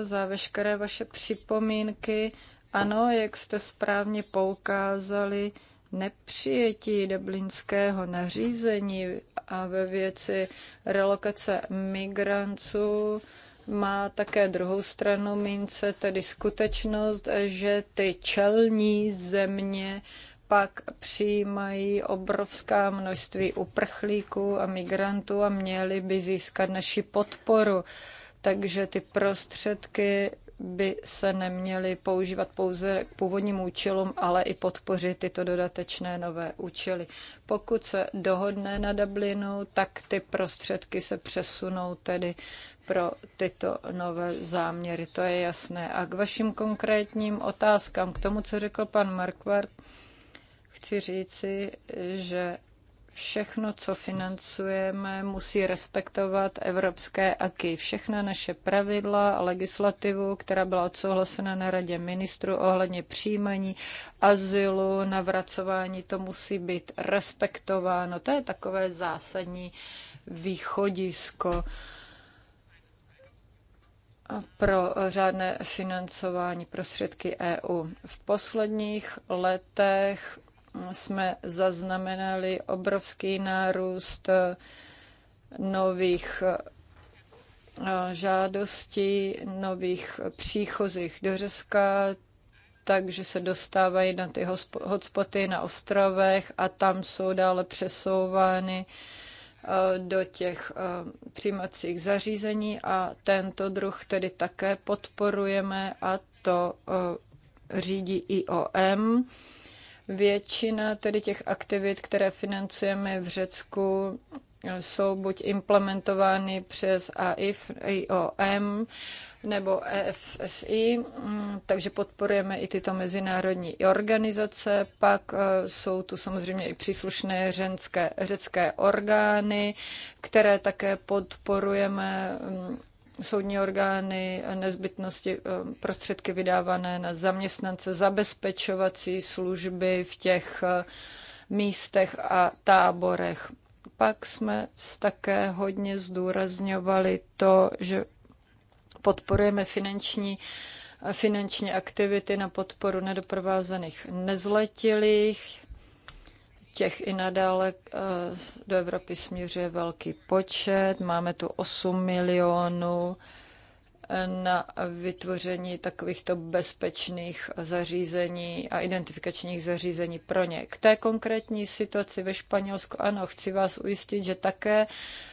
za veškeré vaše připomínky. Ano, jak jste správně poukázali, nepřijetí dublinského nařízení a ve věci relokace migrantů má také druhou stranu mince, tedy skutečnost, že ty čelní země pak přijímají obrovská množství uprchlíků a migrantů a měli by získat naši podporu. Takže ty prostředky by se neměly používat pouze k původním účelům, ale i podpořit tyto dodatečné nové účely. Pokud se dohodne na Dublinu, tak ty prostředky se přesunou tedy pro tyto nové záměry. To je jasné. A k vašim konkrétním otázkám, k tomu, co řekl pan Markvart, chci říci, že všechno, co financujeme, musí respektovat evropské aky. Všechna naše pravidla a legislativu, která byla odsouhlasena na radě ministru ohledně přijímaní azylu, navracování, to musí být respektováno. To je takové zásadní východisko pro řádné financování prostředky EU. V posledních letech jsme zaznamenali obrovský nárůst eh, nových eh, žádostí, nových příchozích do Řeska, takže se dostávají na ty hotspoty na ostrovech a tam jsou dále přesouvány eh, do těch přijímacích zařízení a tento druh tedy také podporujeme a to řídí IOM Většina tedy těch aktivit, které financujeme v Řecku, jsou buď implementovány přes AIF, IOM nebo EFSI, mm, takže podporujeme i tyto mezinárodní organizace. Pak e, jsou tu samozřejmě i příslušné řecké orgány, které také podporujeme mm, soudní orgány nezbytnosti eh, prostředky vydávané na zaměstnance, zabezpečovací služby v těch eh, místech a táborech. Pak jsme také hodně zdůrazňovali to, že podporujeme finanční eh, finanční aktivity na podporu nedoprovázených nezletilých, těch i nadále eh, do Evropy směřuje velký počet. Máme tu 8 milionů eh, na vytvoření takovýchto bezpečných zařízení a identifikačních zařízení pro ně. K té konkrétní situaci ve Španělsku, ano, chci vás ujistit, že také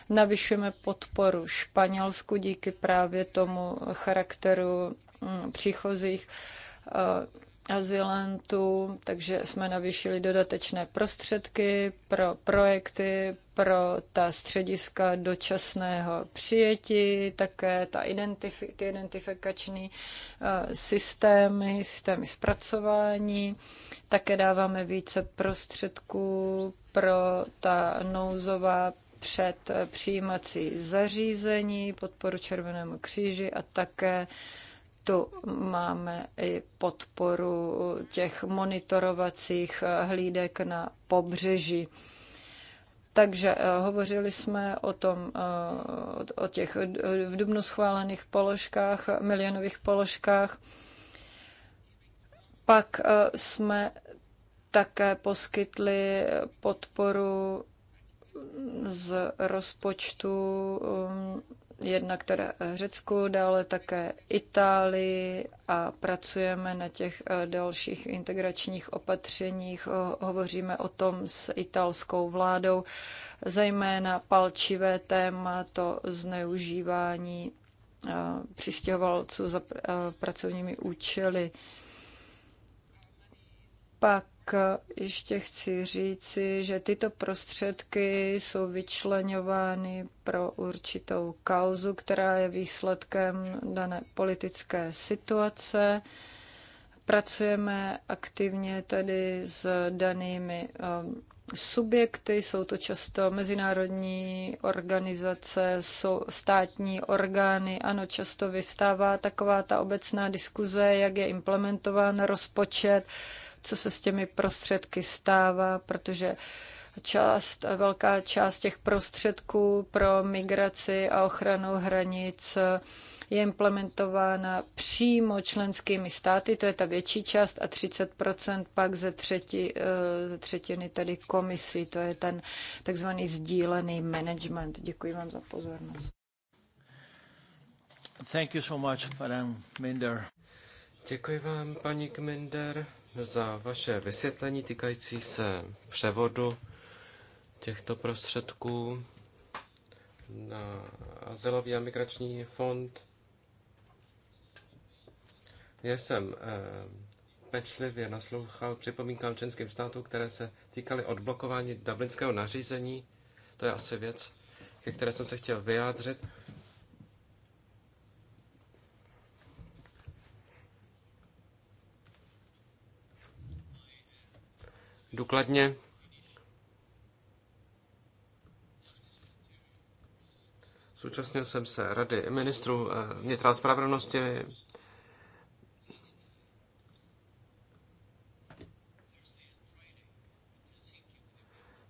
navyšujeme podporu Španělsku díky právě tomu charakteru mm, příchozích eh, azylantů, takže jsme navýšili dodatečné prostředky pro projekty, pro ta střediska dočasného přijetí, také ta identifi- ty identifikační uh, systémy, systémy zpracování. Také dáváme více prostředků pro ta nouzová před přijímací zařízení, podporu Červenému kříži a také uh, tu máme i podporu těch monitorovacích hlídek na pobřeží. Takže eh, hovořili jsme o tom, eh, o těch eh, v dubnu schválených položkách, milionových položkách. Pak jsme také poskytli podporu z rozpočtu jednak teda eh, Řecku, dále také Itálii a pracujeme na těch eh, dalších integračních opatřeních. Eh, hovoříme o tom s italskou vládou, zejména palčivé téma to zneužívání přistěhovalců za pracovními účely. Pak ještě chci říci, že tyto prostředky jsou vyčleňovány pro určitou kauzu, která je výsledkem dané politické situace. Pracujeme aktivně tedy s danými um, subjekty, jsou to často mezinárodní organizace, jsou státní orgány. Ano, často vyvstává taková ta obecná diskuze, jak je implementován rozpočet, co se s těmi prostředky stává, protože část, velká část těch prostředků pro migraci a ochranu hranic je implementována přímo členskými státy, to je ta větší část, a 30 pak ze, třetí eh, ze třetiny tedy komisí, to je ten takzvaný sdílený management. Děkuji vám za pozornost. Thank you so much, Madam Minder. Děkuji vám, paní Kminder za vaše vysvětlení týkající se převodu těchto prostředků na Azylový a migrační fond. Já jsem eh, pečlivě naslouchal připomínkám členským státům, které se týkaly odblokování dublinského nařízení. To je asi věc, ke které jsem se chtěl vyjádřit. důkladně. Současnil jsem se rady ministru eh, vnitra spravedlnosti.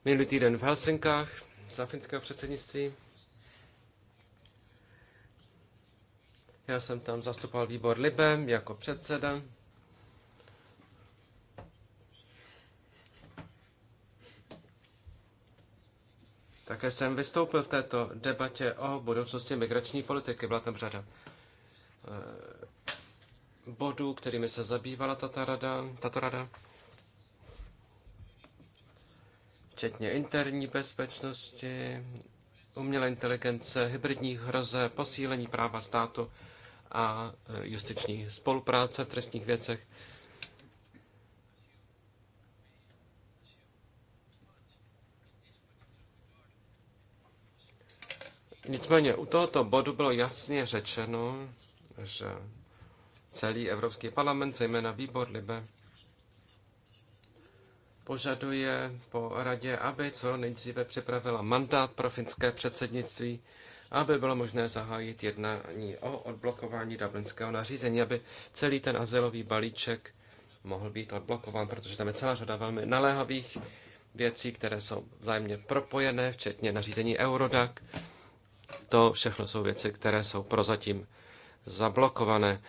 Minulý týden v Helsinkách za finského předsednictví. Já jsem tam zastupoval výbor Libem jako předseda. Také jsem vystoupil v této debatě o budoucnosti migrační politiky. Byla tam řada eh, bodů, kterými se zabývala tato rada, tato rada včetně interní bezpečnosti, umělé inteligence, hybridních hroze, posílení práva státu a eh, justiční spolupráce v trestních věcech. Nicméně u tohoto bodu bylo jasně řečeno, že celý Evropský parlament, zejména výbor Libe, požaduje po radě, aby co nejdříve připravila mandát pro finské předsednictví, aby bylo možné zahájit jednání o odblokování dublinského nařízení, aby celý ten azylový balíček mohl být odblokován, protože tam je celá řada velmi naléhavých věcí, které jsou vzájemně propojené, včetně nařízení Eurodac, to všechno jsou věci, které jsou prozatím zablokované,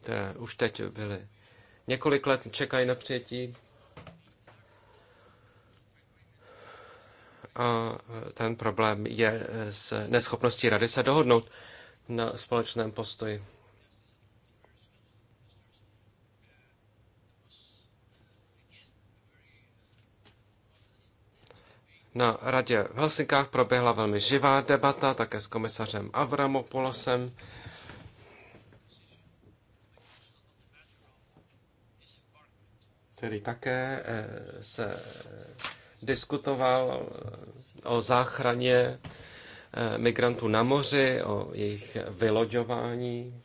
které už teď byly. Několik let čekají na přijetí a ten problém je s neschopností rady se dohodnout na společném postoji. Na radě v Helsinkách proběhla velmi živá debata, také s komisařem Avramopoulosem. který také eh, se diskutoval eh, o záchraně eh, migrantů na moři, o jejich vyloďování.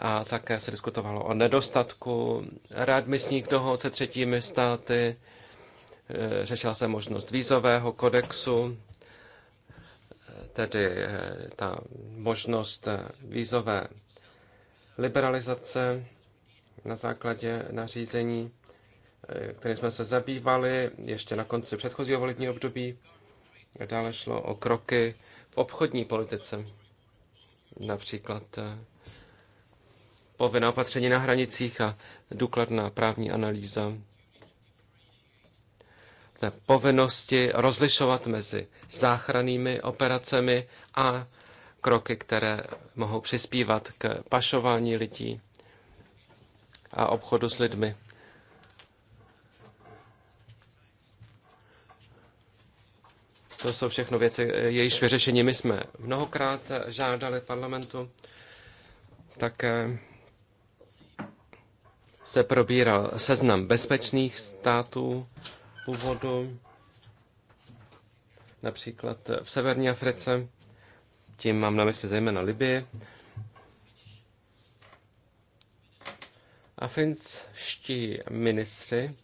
A také se diskutovalo o nedostatku readmisních dohod se třetími státy, Eh, řešila se možnost vízového kodexu, tedy eh, ta možnost eh, vízové liberalizace na základě nařízení, které jsme se zabývali ještě na konci předchozího volebního období. Dále šlo o kroky v obchodní politice, například povinná opatření na hranicích a důkladná právní analýza té povinnosti rozlišovat mezi záchrannými operacemi a kroky, které mohou přispívat k pašování lidí a obchodu s lidmi. To jsou všechno věci, jejichž vyřešení my jsme mnohokrát žádali parlamentu. Také se probíral seznam bezpečných států, původu, například v severní Africe, tím mám na mysli zejména Libii. A finští ministři,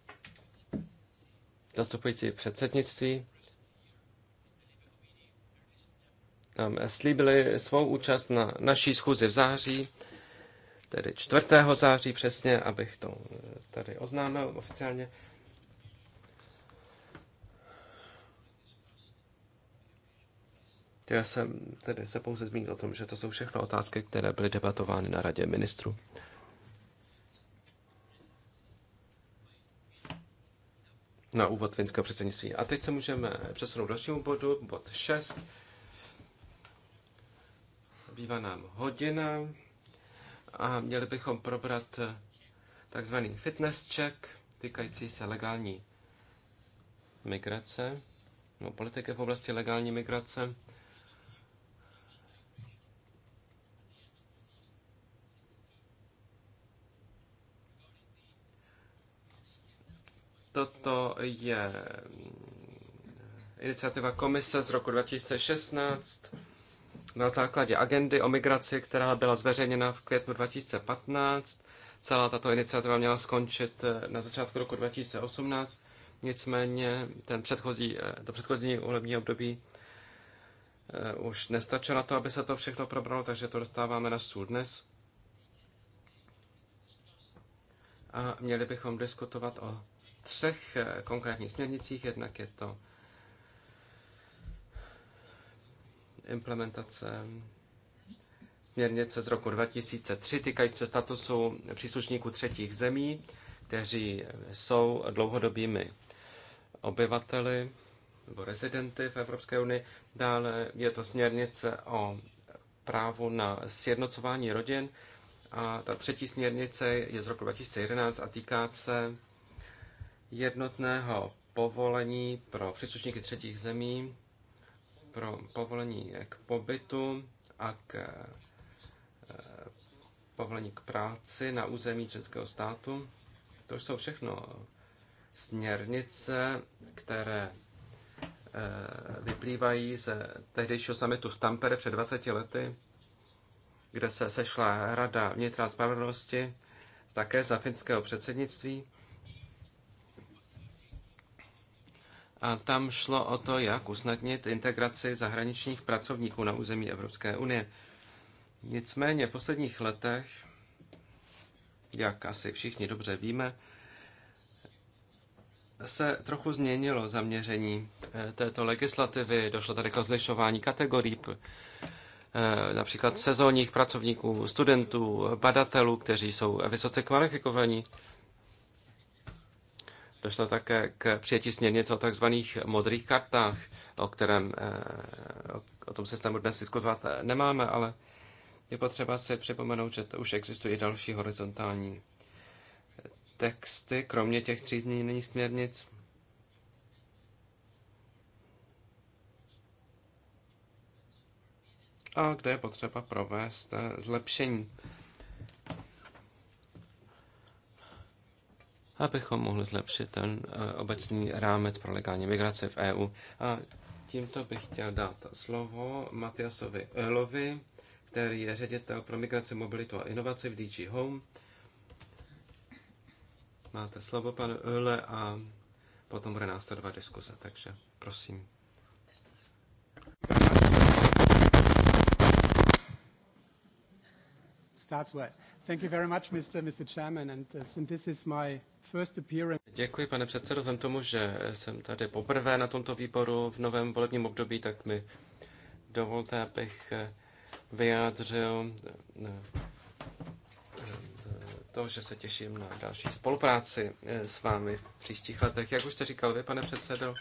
zastupující předsednictví, nám slíbili svou účast na naší schůzi v září, tedy 4. září přesně, abych to tady oznámil oficiálně. já jsem tedy se pouze zmínil o tom, že to jsou všechno otázky, které byly debatovány na radě ministrů. Na úvod finského předsednictví. A teď se můžeme přesunout k dalšímu bodu, bod 6. Bývá nám hodina a měli bychom probrat takzvaný fitness check týkající se legální migrace, no, politiky v oblasti legální migrace. Toto je mm, iniciativa komise z roku 2016 na základě agendy o migraci, která byla zveřejněna v květnu 2015. Celá tato iniciativa měla skončit eh, na začátku roku 2018, nicméně ten předchozí, eh, to předchozí volební období eh, už nestačilo na to, aby se to všechno probralo, takže to dostáváme na stůl dnes. A měli bychom diskutovat o třech eh, konkrétních směrnicích. Jednak je to implementace směrnice z roku 2003 týkající se statusu příslušníků třetích zemí, kteří jsou dlouhodobými obyvateli nebo rezidenty v Evropské unii. Dále je to směrnice o právu na sjednocování rodin a ta třetí směrnice je z roku 2011 a týká se jednotného povolení pro příslušníky třetích zemí, pro povolení k pobytu a k eh, povolení k práci na území českého státu. To jsou všechno směrnice, které eh, vyplývají ze tehdejšího samitu v Tampere před 20 lety, kde se sešla Rada vnitra spravedlnosti také za finského předsednictví A tam šlo o to, jak usnadnit integraci zahraničních pracovníků na území Evropské unie. Nicméně v posledních letech, jak asi všichni dobře víme, se trochu změnilo zaměření eh, této legislativy. Došlo tady k rozlišování kategorií, eh, například sezónních pracovníků, studentů, badatelů, kteří jsou vysoce kvalifikovaní došlo také k přijetí směrnice o takzvaných modrých kartách, o kterém eh, o tom systému dnes diskutovat nemáme, ale je potřeba si připomenout, že už existují i další horizontální texty, kromě těch tří změněných směrnic. A kde je potřeba provést eh, zlepšení. abychom mohli zlepšit ten eh, obecný rámec pro legální migraci v EU. A tímto bych chtěl dát slovo Matiasovi Ölovi, který je ředitel pro migraci, mobilitu a inovaci v DG Home. Máte slovo, pane Öle, a potom bude následovat diskuse, takže prosím. Děkuji, pane předsedo, vzhledem tomu, že eh, jsem tady poprvé na tomto výboru v novém volebním období, tak mi dovolte, abych eh, vyjádřil eh, to, že se těším na další spolupráci s vámi v příštích letech. Jak už jste říkal vy, pane předsedo,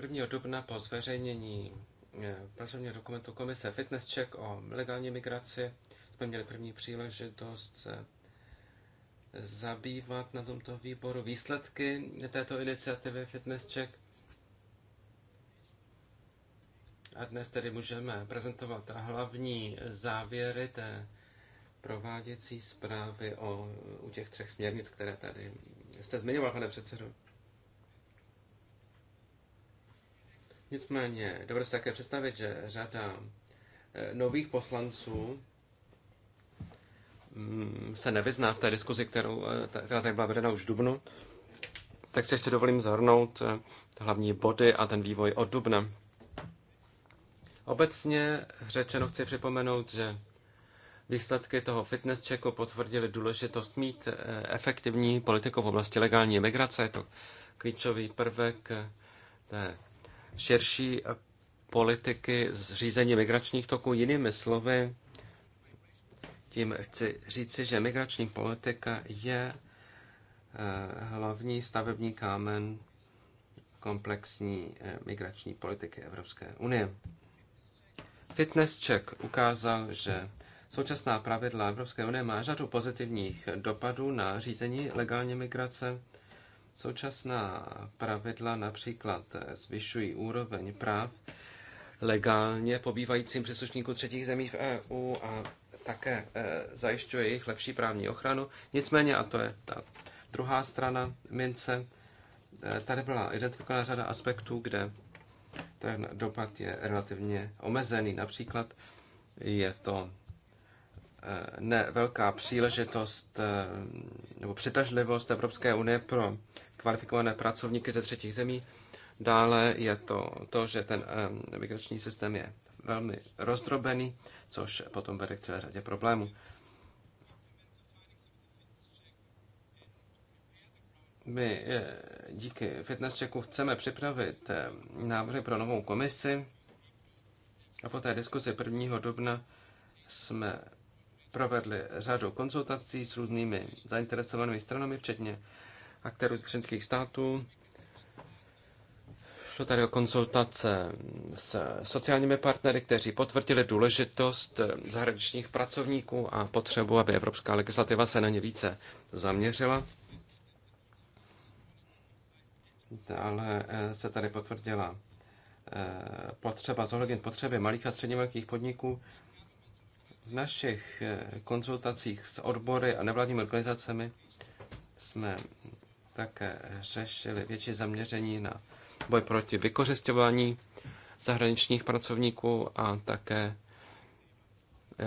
1. dubna po zveřejnění Eh, pracovního dokumentu komise Fitness Check o legální migraci jsme měli první příležitost se zabývat na tomto výboru výsledky této iniciativy Fitness Check. A dnes tedy můžeme prezentovat hlavní závěry té prováděcí zprávy o, u těch třech směrnic, které tady jste zmiňoval, pane předsedo. Nicméně, dovedu si také představit, že řada eh, nových poslanců mm, se nevyzná v té diskuzi, kterou, eh, která tady byla vedena už v Dubnu, tak si ještě dovolím zahrnout eh, hlavní body a ten vývoj od Dubna. Obecně řečeno chci připomenout, že výsledky toho fitness checku potvrdily důležitost mít efektivní politiku v oblasti legální migrace. Je to klíčový prvek té širší politiky zřízení migračních toků. Jinými slovy, tím chci říci, že migrační politika je eh, hlavní stavební kámen komplexní eh, migrační politiky Evropské unie. Fitness check ukázal, že současná pravidla Evropské unie má řadu pozitivních dopadů na řízení legální migrace. Současná pravidla například eh, zvyšují úroveň práv legálně pobývajícím příslušníkům třetích zemí v EU a také eh, zajišťuje jejich lepší právní ochranu. Nicméně, a to je ta druhá strana mince, eh, tady byla identifikována řada aspektů, kde ten dopad je relativně omezený. Například je to Eh, ne velká příležitost eh, nebo přitažlivost Evropské unie pro kvalifikované pracovníky ze třetích zemí. Dále je to to, že ten eh, migrační systém je velmi rozdrobený, což potom vede k celé řadě problémů. My díky fitness checku chceme připravit návrhy pro novou komisi a po té diskuzi 1. dubna jsme provedli řadu konzultací s různými zainteresovanými stranami, včetně aktérů z členských států. Šlo tady o konzultace s sociálními partnery, kteří potvrdili důležitost zahraničních pracovníků a potřebu, aby evropská legislativa se na ně více zaměřila. Dále eh, se tady potvrdila eh, potřeba zohlednit potřeby malých a středně velkých podniků v našich eh, konzultacích s odbory a nevládními organizacemi jsme také řešili větší zaměření na boj proti vykořišťování zahraničních pracovníků a také eh,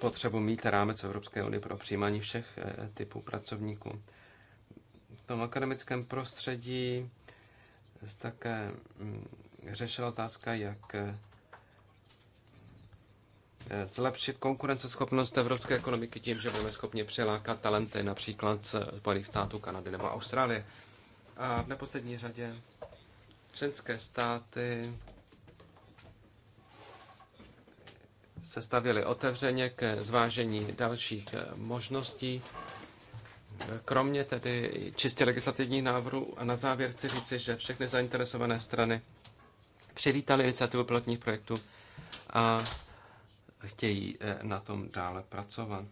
potřebu mít rámec Evropské unie pro přijímání všech eh, typů pracovníků. V tom akademickém prostředí se také mm, řešila otázka, jak zlepšit konkurenceschopnost evropské ekonomiky tím, že budeme schopni přilákat talenty například z Spojených států, Kanady nebo Austrálie. A v neposlední řadě členské státy se stavěly otevřeně k zvážení dalších možností. Kromě tedy čistě legislativních návrhů a na závěr chci říci, že všechny zainteresované strany přivítali iniciativu pilotních projektů a chtějí eh, na tom dále pracovat.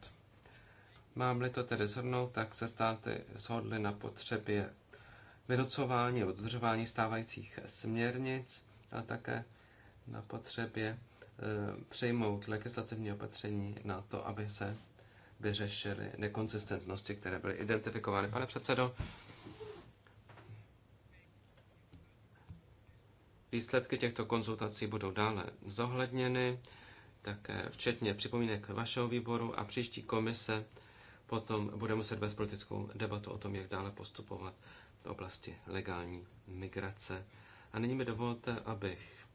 Mám-li to tedy zhrnout, tak se státy shodly na potřebě vynucování a dodržování stávajících směrnic a také na potřebě eh, přejmout legislativní opatření na to, aby se vyřešily nekonsistentnosti, které byly identifikovány. Pane předsedo, výsledky těchto konzultací budou dále zohledněny. Tak eh, včetně připomínek vašeho výboru a příští komise potom bude muset vést politickou debatu o tom, jak dále postupovat v oblasti legální migrace. A nyní mi dovolte, abych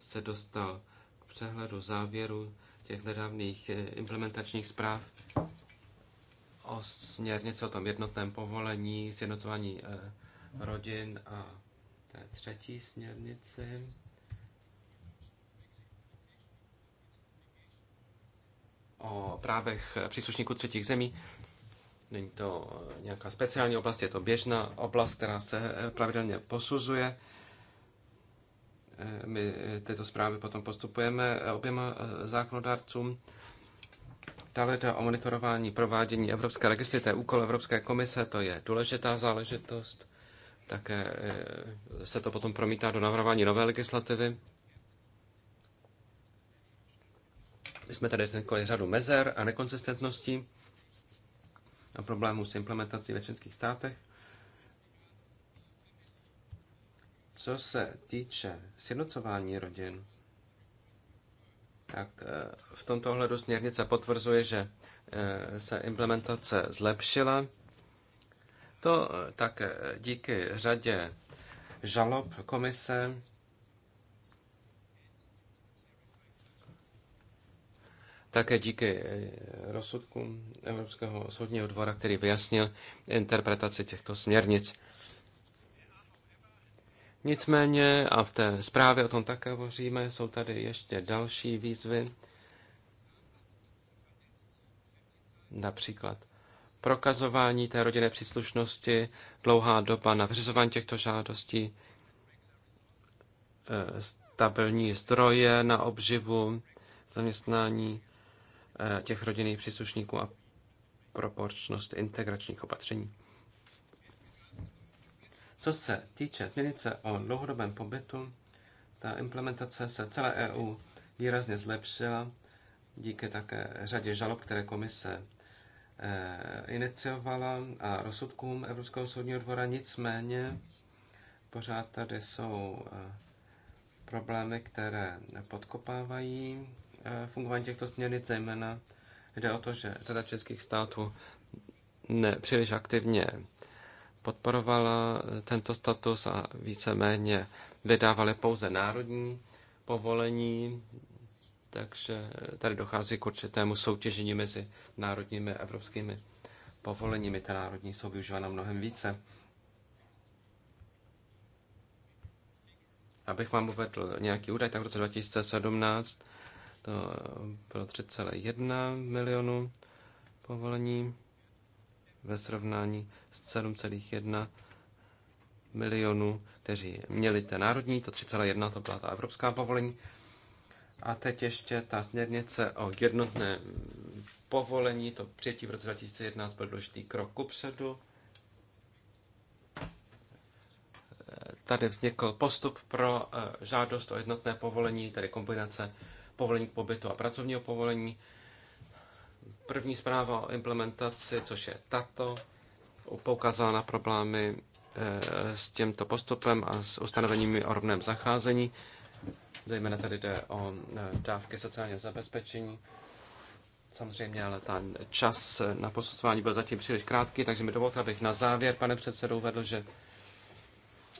se dostal k přehledu závěru těch nedávných eh, implementačních zpráv o směrnici o tom jednotném povolení, sjednocování eh, rodin a té třetí směrnici o právech příslušníků třetích zemí. Není to eh, nějaká speciální oblast, je to běžná oblast, která se eh, pravidelně posuzuje. Eh, my tyto zprávy potom postupujeme oběma zákonodárcům. Dále jde o monitorování provádění Evropské legislativy, to je úkol Evropské komise, to je důležitá záležitost. Také se to potom promítá do navrhování nové legislativy. jsme tady řekli řadu mezer a nekonzistentností a problémů s implementací ve členských státech. Co se týče sjednocování rodin, tak eh, v tomto ohledu směrnice potvrzuje, že eh, se implementace zlepšila. To eh, také díky řadě žalob komise Také díky eh, rozsudku Evropského soudního dvora, který vyjasnil interpretaci těchto směrnic. Nicméně, a v té zprávě o tom také hovoříme, jsou tady ještě další výzvy, například prokazování té rodinné příslušnosti, dlouhá doba na vyřizování těchto žádostí, eh, stabilní zdroje na obživu, zaměstnání, Eh, těch rodinných příslušníků a proporčnost integračních opatření. Co se týče směrnice o dlouhodobém pobytu, ta implementace se v celé EU výrazně zlepšila díky také řadě žalob, které komise eh, iniciovala a rozsudkům Evropského soudního dvora. Nicméně pořád tady jsou eh, problémy, které podkopávají Eh, fungování těchto směrnic, zejména jde o to, že řada českých států nepříliš aktivně podporovala eh, tento status a víceméně vydávali pouze národní povolení, takže tady dochází k určitému soutěžení mezi národními a evropskými povoleními. Ta národní jsou využívána mnohem více. Abych vám uvedl nějaký údaj, tak v roce 2017 to bylo 3,1 milionu povolení ve srovnání s 7,1 milionu, kteří měli ten národní, to 3,1 to byla ta evropská povolení. A teď ještě ta směrnice o jednotné povolení, to přijetí v roce 2011 byl důležitý krok kupředu. Tady vznikl postup pro eh, žádost o jednotné povolení, tedy kombinace povolení k pobytu a pracovního povolení. První zpráva o implementaci, což je tato, poukázala na problémy eh, s tímto postupem a s ustanoveními o rovném zacházení. Zejména tady jde o eh, dávky sociálního zabezpečení. Samozřejmě, ale ten čas na posuzování byl zatím příliš krátký, takže mi dovolte, abych na závěr, pane předsedo, uvedl, že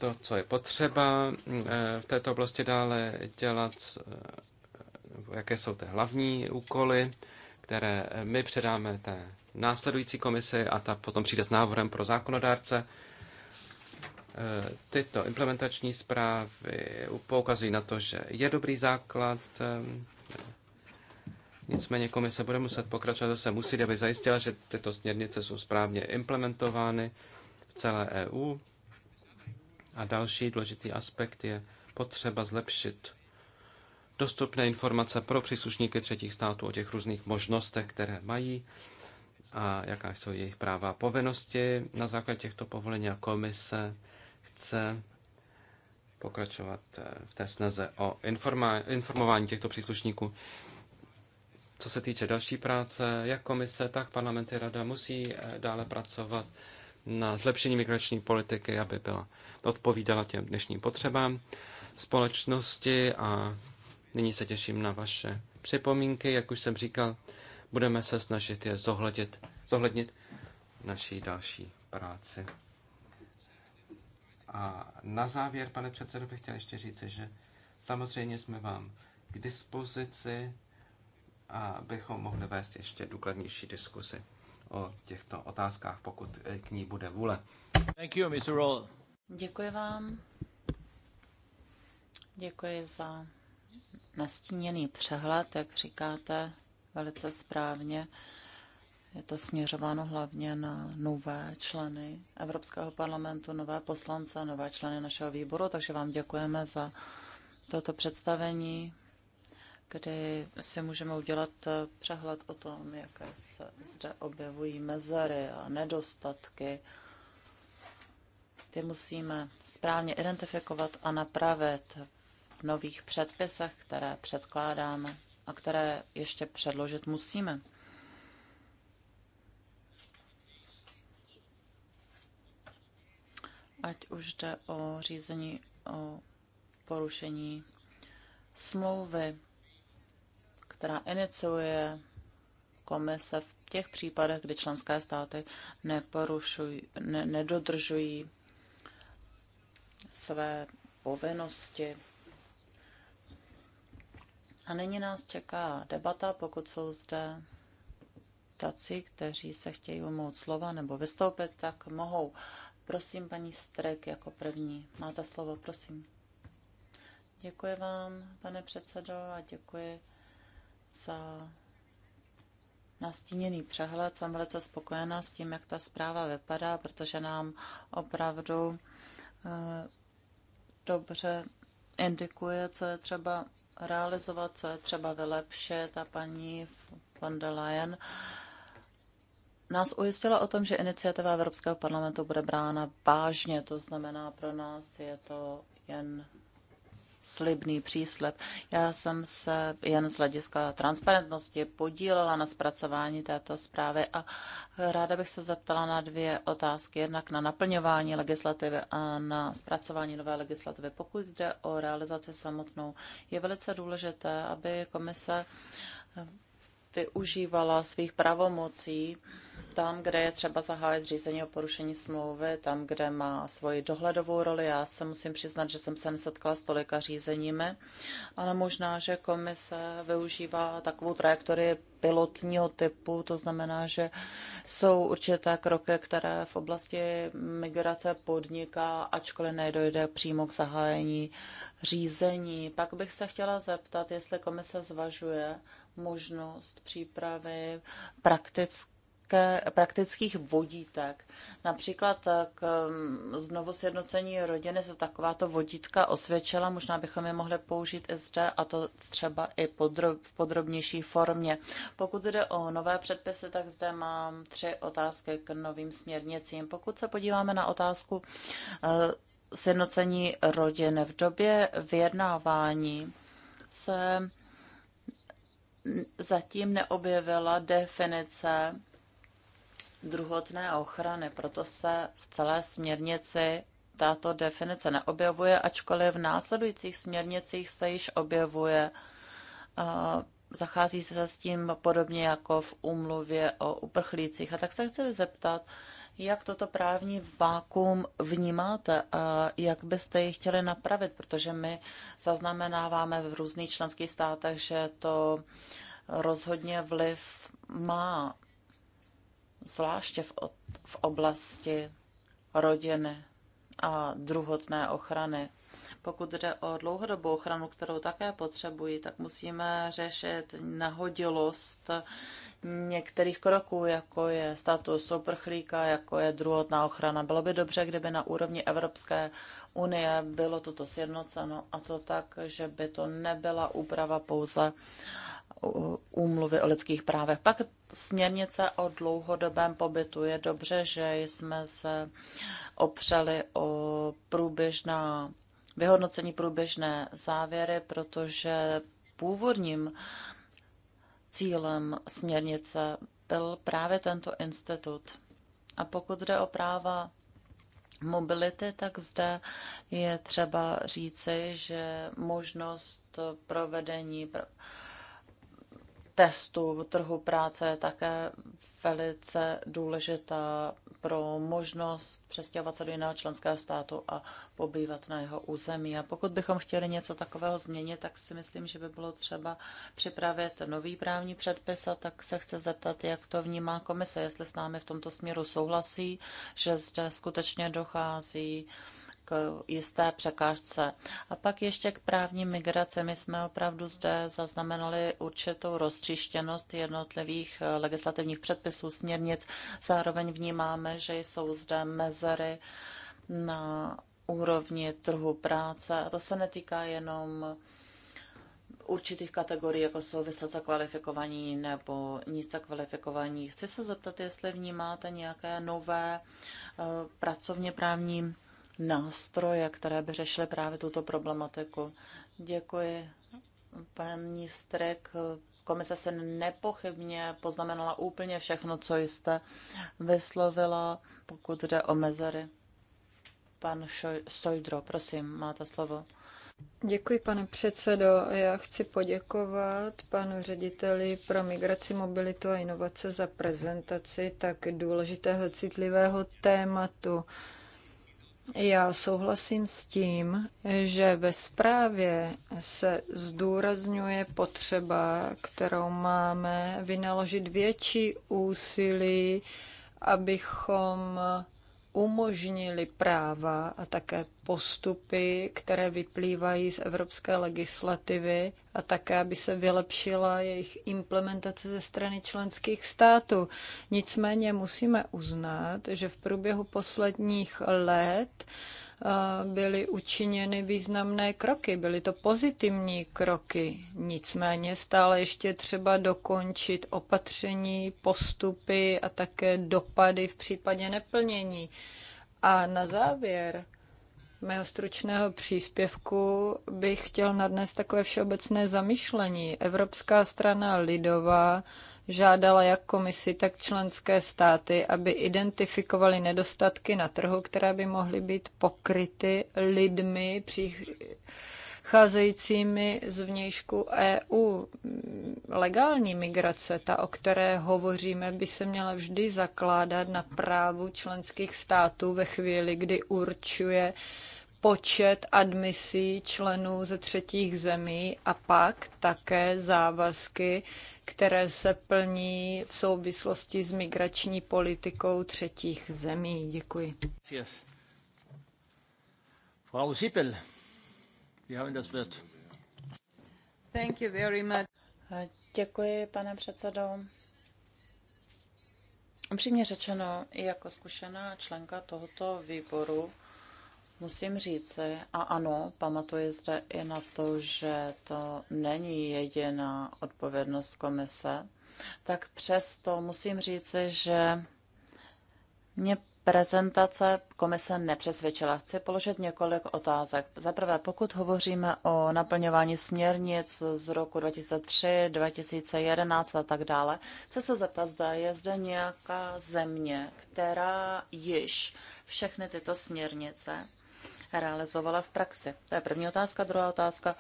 to, co je potřeba eh, v této oblasti dále dělat, jaké jsou ty hlavní úkoly, které my předáme té následující komisi a ta potom přijde s návrhem pro zákonodárce. E, tyto implementační zprávy poukazují na to, že je dobrý základ, e, nicméně komise bude muset pokračovat, se musí, aby zajistila, že tyto směrnice jsou správně implementovány v celé EU. A další důležitý aspekt je potřeba zlepšit dostupné informace pro příslušníky třetích států o těch různých možnostech, které mají a jaká jsou jejich práva a povinnosti. Na základě těchto povolení a komise chce pokračovat eh, v té snaze o informování těchto příslušníků. Co se týče další práce, jak komise, tak parlamenty rada musí eh, dále pracovat na zlepšení migrační politiky, aby byla odpovídala těm dnešním potřebám společnosti a Nyní se těším na vaše připomínky. Jak už jsem říkal, budeme se snažit je zohlednit, zohlednit naší další práci. A na závěr, pane předsedo, bych chtěl ještě říct, že samozřejmě jsme vám k dispozici, abychom mohli vést ještě důkladnější diskusy o těchto otázkách, pokud k ní bude vůle. Thank you, Mr. Roll. Děkuji vám. Děkuji za nastíněný přehled, jak říkáte velice správně. Je to směřováno hlavně na nové členy Evropského parlamentu, nové poslance, nové členy našeho výboru, takže vám děkujeme za toto představení, kdy si můžeme udělat přehled o tom, jaké se zde objevují mezery a nedostatky. Ty musíme správně identifikovat a napravit nových předpisech, které předkládáme a které ještě předložit musíme. Ať už jde o řízení o porušení smlouvy, která iniciuje komise v těch případech, kdy členské státy neporušují, ne, nedodržují své povinnosti a nyní nás čeká debata, pokud jsou zde taci, kteří se chtějí umout slova nebo vystoupit, tak mohou. Prosím, paní Strek, jako první. Máte slovo, prosím. Děkuji vám, pane předsedo, a děkuji za nastíněný přehled. Jsem velice spokojená s tím, jak ta zpráva vypadá, protože nám opravdu eh, dobře indikuje, co je třeba realizovat, co je třeba vylepšit a paní von der Leyen nás ujistila o tom, že iniciativa Evropského parlamentu bude brána vážně, to znamená pro nás je to jen slibný příslep. Já jsem se jen z hlediska transparentnosti podílela na zpracování této zprávy a ráda bych se zeptala na dvě otázky. Jednak na naplňování legislativy a na zpracování nové legislativy. Pokud jde o realizaci samotnou, je velice důležité, aby komise využívala svých pravomocí tam, kde je třeba zahájit řízení o porušení smlouvy, tam, kde má svoji dohledovou roli. Já se musím přiznat, že jsem se nesetkala s tolika řízeními, ale možná, že komise využívá takovou trajektorii pilotního typu, to znamená, že jsou určité kroky, které v oblasti migrace podniká, ačkoliv nedojde přímo k zahájení řízení. Pak bych se chtěla zeptat, jestli komise zvažuje možnost přípravy praktických praktické, praktických vodítek. Například k mm, znovu sjednocení rodiny se takováto vodítka osvědčila, možná bychom je mohli použít i zde a to třeba i podrob, v podrobnější formě. Pokud jde o nové předpisy, tak zde mám tři otázky k novým směrnicím. Pokud se podíváme na otázku eh, sjednocení rodiny v době vyjednávání se zatím neobjevila definice druhotné ochrany, proto se v celé směrnici tato definice neobjevuje, ačkoliv v následujících směrnicích se již objevuje. Zachází se s tím podobně jako v úmluvě o uprchlících. A tak se chci zeptat, jak toto právní vákum vnímáte a jak byste ji chtěli napravit, protože my zaznamenáváme v různých členských státech, že to rozhodně vliv má zvláště v, v oblasti rodiny a druhotné ochrany. Pokud jde o dlouhodobou ochranu, kterou také potřebují, tak musíme řešit nahodilost některých kroků, jako je status oprchlíka, jako je druhotná ochrana. Bylo by dobře, kdyby na úrovni Evropské unie bylo toto sjednoceno a to tak, že by to nebyla úprava pouze úmluvy o lidských právech. Pak směrnice o dlouhodobém pobytu. Je dobře, že jsme se opřeli o průběžná vyhodnocení průběžné závěry, protože původním cílem směrnice byl právě tento institut. A pokud jde o práva mobility, tak zde je třeba říci, že možnost provedení pr- testů trhu práce je také velice důležitá pro možnost přestěhovat se do jiného členského státu a pobývat na jeho území. A pokud bychom chtěli něco takového změnit, tak si myslím, že by bylo třeba připravit nový právní předpis a tak se chce zeptat, jak to vnímá komise, jestli s námi v tomto směru souhlasí, že zde skutečně dochází jisté překážce. A pak ještě k právní migraci. My jsme opravdu zde zaznamenali určitou roztříštěnost jednotlivých eh, legislativních předpisů, směrnic. Zároveň vnímáme, že jsou zde mezery na úrovni trhu práce. A to se netýká jenom určitých kategorií, jako jsou vysoce kvalifikovaní nebo nízce kvalifikovaní. Chci se zeptat, jestli vnímáte nějaké nové eh, pracovně právní nástroje, které by řešily právě tuto problematiku. Děkuji, paní Strek. Komise se nepochybně poznamenala úplně všechno, co jste vyslovila, pokud jde o mezery. Pan Sojdro, prosím, máte slovo. Děkuji, pane předsedo. Já chci poděkovat panu řediteli pro migraci, mobilitu a inovace za prezentaci tak důležitého citlivého tématu. Já souhlasím s tím, že ve zprávě se zdůrazňuje potřeba, kterou máme vynaložit větší úsilí, abychom umožnili práva a také postupy, které vyplývají z evropské legislativy a také, aby se vylepšila jejich implementace ze strany členských států. Nicméně musíme uznat, že v průběhu posledních let byly učiněny významné kroky, byly to pozitivní kroky. Nicméně stále ještě třeba dokončit opatření, postupy a také dopady v případě neplnění. A na závěr mého stručného příspěvku bych chtěl nadnést takové všeobecné zamyšlení. Evropská strana lidová žádala jak komisi, tak členské státy, aby identifikovali nedostatky na trhu, které by mohly být pokryty lidmi přicházejícími z vnějšku EU. Legální migrace, ta, o které hovoříme, by se měla vždy zakládat na právu členských států ve chvíli, kdy určuje počet admisí členů ze třetích zemí a pak také závazky které se plní v souvislosti s migrační politikou třetích zemí. Děkuji. Frau Sippel, Sie haben das Wort. Thank you very much. Děkuji, pane předsedo. Upřímně řečeno, i jako zkušená členka tohoto výboru Musím říci, a ano, pamatuji zde i na to, že to není jediná odpovědnost komise, tak přesto musím říci, že mě prezentace komise nepřesvědčila. Chci položit několik otázek. Za prvé, pokud hovoříme o naplňování směrnic z roku 2003, 2011 a tak dále, chci se zeptat, zda je zde nějaká země, která již všechny tyto směrnice realizovala v praxi. To je první otázka. Druhá otázka.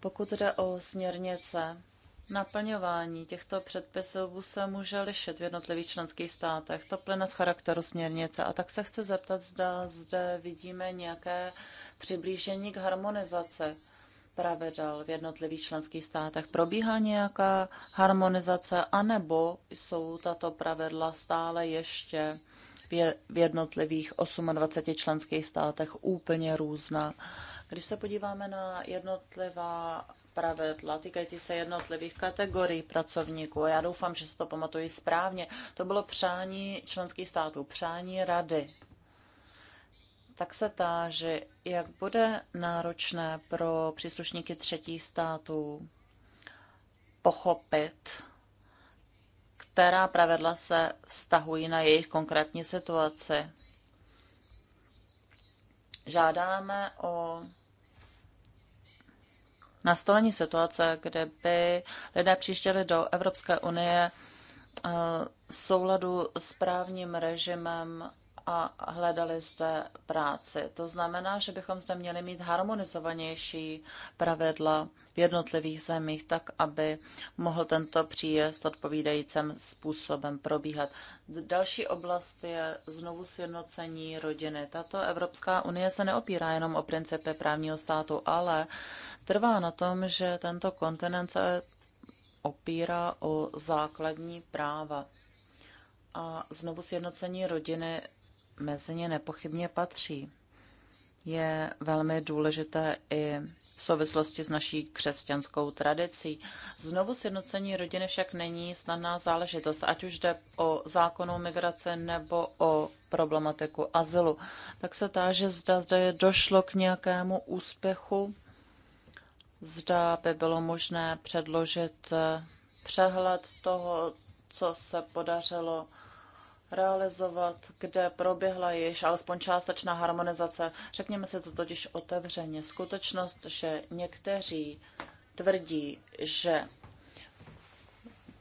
Pokud jde o směrnice, naplňování těchto předpisů se může lišit v jednotlivých členských státech. To plyne z charakteru směrnice. A tak se chci zeptat, zda zde vidíme nějaké přiblížení k harmonizaci pravidel v jednotlivých členských státech. Probíhá nějaká harmonizace, anebo jsou tato pravidla stále ještě v jednotlivých 28 členských státech úplně různá. Když se podíváme na jednotlivá pravidla týkající se jednotlivých kategorií pracovníků, já doufám, že se to pamatuji správně, to bylo přání členských států, přání rady. Tak se táže, jak bude náročné pro příslušníky třetích států pochopit která pravidla se vztahují na jejich konkrétní situaci. Žádáme o nastolení situace, kde by lidé přištěli do Evropské unie eh, v souladu s právním režimem a hledali zde práci. To znamená, že bychom zde měli mít harmonizovanější pravidla v jednotlivých zemích, tak aby mohl tento příjezd odpovídajícím způsobem probíhat. Další oblast je znovu sjednocení rodiny. Tato Evropská unie se neopírá jenom o principy právního státu, ale trvá na tom, že tento kontinent se opírá o základní práva a znovu sjednocení rodiny mezi ně nepochybně patří. Je velmi důležité i v souvislosti s naší křesťanskou tradicí. Znovu sjednocení rodiny však není snadná záležitost, ať už jde o zákonu migrace nebo o problematiku azylu. Tak se táže, zda zde došlo k nějakému úspěchu, zda by bylo možné předložit eh, přehled toho, co se podařilo realizovat, kde proběhla již alespoň částečná harmonizace. Řekněme si to totiž otevřeně. Skutečnost, že někteří tvrdí, že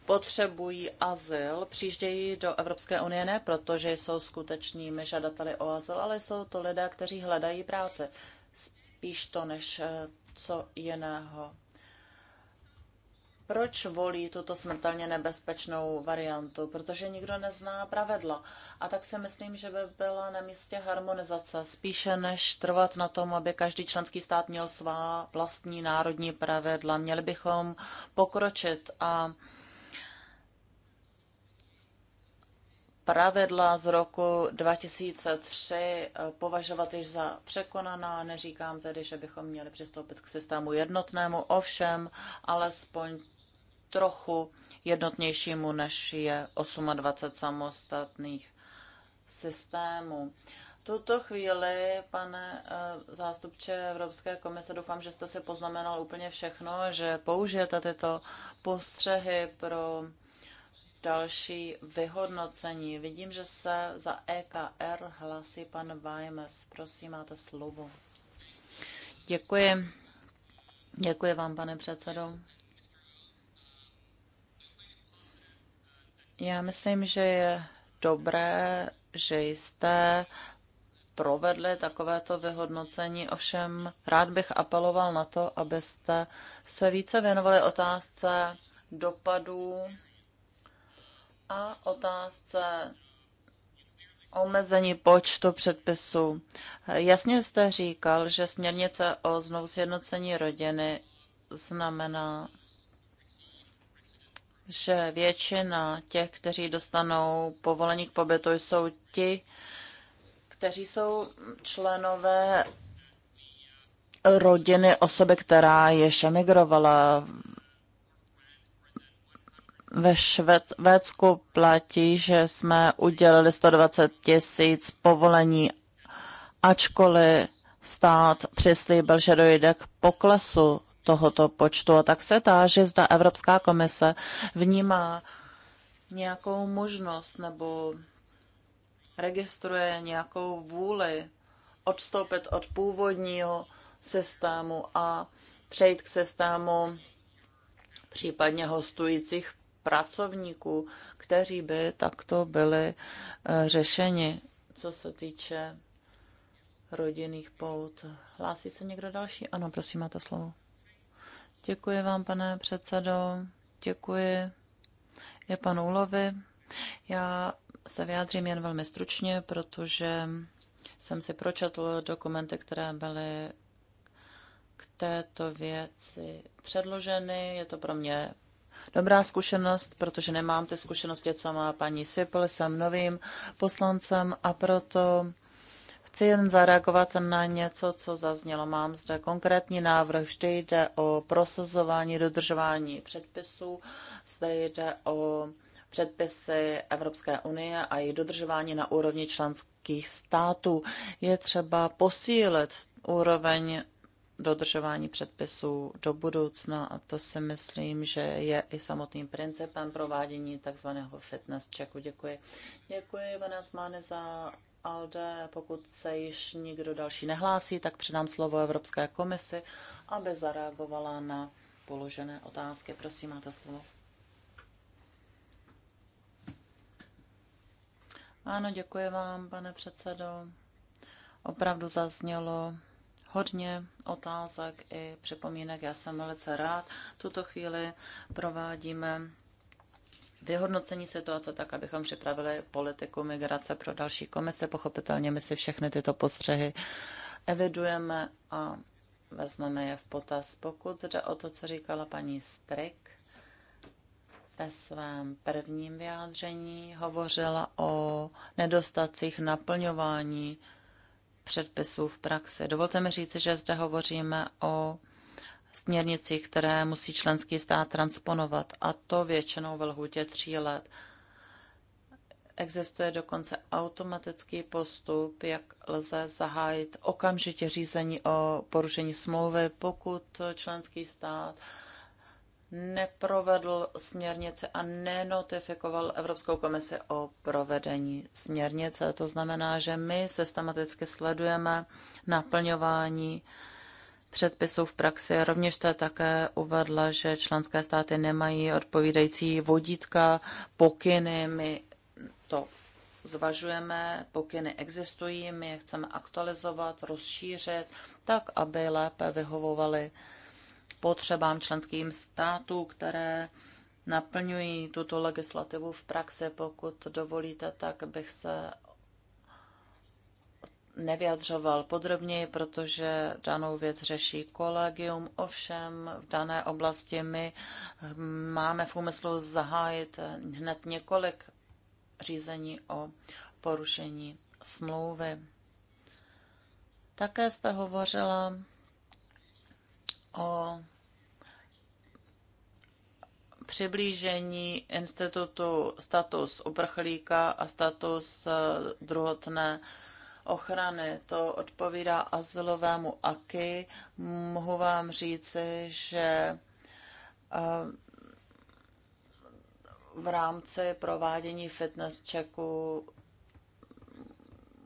potřebují azyl, přijíždějí do Evropské unie ne proto, že jsou skutečními žadateli o azyl, ale jsou to lidé, kteří hledají práce. Spíš to než eh, co jiného proč volí tuto smrtelně nebezpečnou variantu, protože nikdo nezná pravidla. A tak si myslím, že by byla na místě harmonizace, spíše než trvat na tom, aby každý členský stát měl svá vlastní národní pravidla. Měli bychom pokročit a pravidla z roku 2003 eh, považovat již za překonaná. Neříkám tedy, že bychom měli přistoupit k systému jednotnému, ovšem alespoň trochu jednotnějšímu, než je 28 samostatných systémů. V tuto chvíli, pane eh, zástupče Evropské komise, doufám, že jste si poznamenal úplně všechno, že použijete tyto postřehy pro další vyhodnocení. Vidím, že se za EKR hlasí pan Vajmes. Prosím, máte slovo. Děkuji. Děkuji vám, pane předsedo. Já myslím, že je dobré, že jste provedli takovéto vyhodnocení, ovšem rád bych apeloval na to, abyste se více věnovali otázce dopadů a otázce omezení počtu předpisů. Jasně jste říkal, že směrnice o znovu sjednocení rodiny znamená, že většina těch, kteří dostanou povolení k pobytu, jsou ti, kteří jsou členové rodiny osoby, která již emigrovala. Ve Švédsku platí, že jsme udělali 120 tisíc povolení, ačkoliv stát přislíbil, že dojde k poklesu tohoto počtu. A tak se táži, zda Evropská komise vnímá nějakou možnost nebo registruje nějakou vůli odstoupit od původního systému a přejít k systému případně hostujících pracovníků, kteří by takto byli eh, řešeni, co se týče rodinných pout. Hlásí se někdo další? Ano, prosím, máte slovo. Děkuji vám, pane předsedo. Děkuji Je panu Ulovi. Já se vyjádřím jen velmi stručně, protože jsem si pročetl dokumenty, které byly k této věci předloženy. Je to pro mě dobrá zkušenost, protože nemám ty zkušenosti, co má paní Sipl, jsem novým poslancem a proto Chci jen zareagovat na něco, co zaznělo. Mám zde konkrétní návrh. Vždy jde o prosazování, dodržování předpisů. Zde jde o předpisy Evropské unie a jejich dodržování na úrovni členských států. Je třeba posílit úroveň dodržování předpisů do budoucna a to si myslím, že je i samotným principem provádění takzvaného fitness checku. Děkuji. Děkuji, Vanas Mane, za ALDE. Pokud se již nikdo další nehlásí, tak předám slovo Evropské komisi, aby zareagovala na položené otázky. Prosím, máte slovo. Ano, děkuji vám, pane předsedo. Opravdu zaznělo hodně otázek i připomínek. Já jsem velice rád. tuto chvíli provádíme vyhodnocení situace tak, abychom připravili politiku migrace pro další komise. Pochopitelně my si všechny tyto postřehy evidujeme a vezmeme je v potaz. Pokud jde o to, co říkala paní Strik ve svém prvním vyjádření, hovořila o nedostacích naplňování předpisů v praxi. Dovolte mi říci, že zde hovoříme o směrnici, které musí členský stát transponovat, a to většinou ve lhůtě tří let. Existuje dokonce automatický postup, jak lze zahájit okamžitě řízení o porušení smlouvy, pokud členský stát neprovedl směrnice a nenotifikoval Evropskou komisi o provedení směrnice. To znamená, že my systematicky sledujeme naplňování předpisů v praxi. Rovněž jste také uvedla, že členské státy nemají odpovídající vodítka, pokyny. My to zvažujeme, pokyny existují, my je chceme aktualizovat, rozšířit, tak, aby lépe vyhovovaly potřebám členským států, které naplňují tuto legislativu v praxi. Pokud dovolíte, tak bych se nevyjadřoval podrobněji, protože danou věc řeší kolegium. Ovšem v dané oblasti my máme v úmyslu zahájit hned několik řízení o porušení smlouvy. Také jste hovořila o přiblížení institutu status uprchlíka a status druhotné ochrany. To odpovídá azylovému AKY. Mohu vám říci, že eh, v rámci provádění fitness checku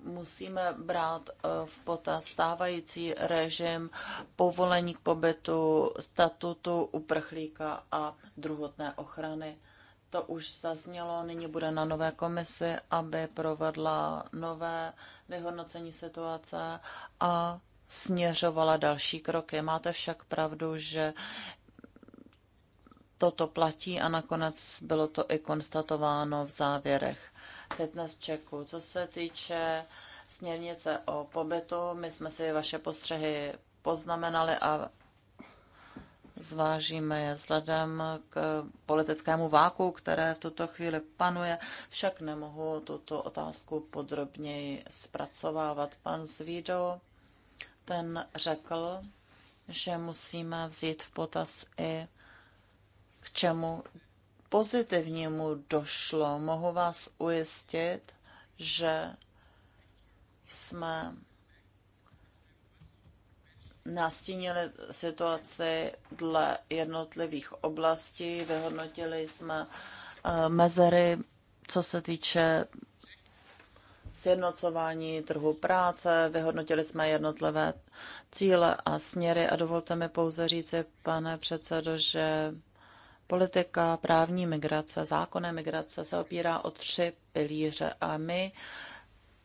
musíme brát eh, v potaz stávající režim povolení k pobytu, statutu uprchlíka a druhotné ochrany to už zaznělo, nyní bude na nové komisi, aby provedla nové vyhodnocení situace a směřovala další kroky. Máte však pravdu, že toto platí a nakonec bylo to i konstatováno v závěrech fitness checku. Co se týče směrnice o pobytu, my jsme si vaše postřehy poznamenali a zvážíme je vzhledem k politickému váku, které v tuto chvíli panuje. Však nemohu tuto otázku podrobněji zpracovávat. Pan Zvído, ten řekl, že musíme vzít v potaz i k čemu pozitivnímu došlo. Mohu vás ujistit, že jsme nastínili situaci dle jednotlivých oblastí, vyhodnotili jsme eh, mezery, co se týče sjednocování trhu práce, vyhodnotili jsme jednotlivé cíle a směry a dovolte mi pouze říci, pane předsedo, že politika právní migrace, zákonné migrace se opírá o tři pilíře a my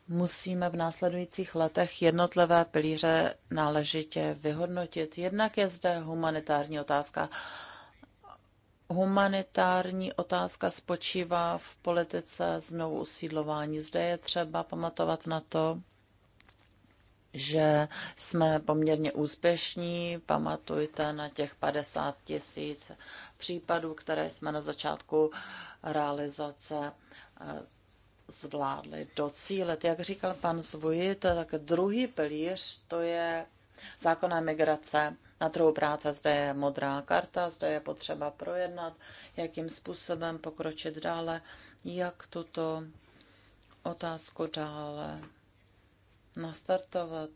musíme v následujících letech jednotlivé pilíře náležitě vyhodnotit. Jednak je zde humanitární otázka. Humanitární otázka spočívá v politice znovu usídlování. Zde je třeba pamatovat na to, že jsme poměrně úspěšní. Pamatujte na těch 50 tisíc případů, které jsme na začátku realizace eh, zvládli docílit. Jak říkal pan Zvojit, tak druhý pilíř to je zákonná migrace na trhu práce. Zde je modrá karta, zde je potřeba projednat, jakým způsobem pokročit dále, jak tuto otázku dále nastartovat.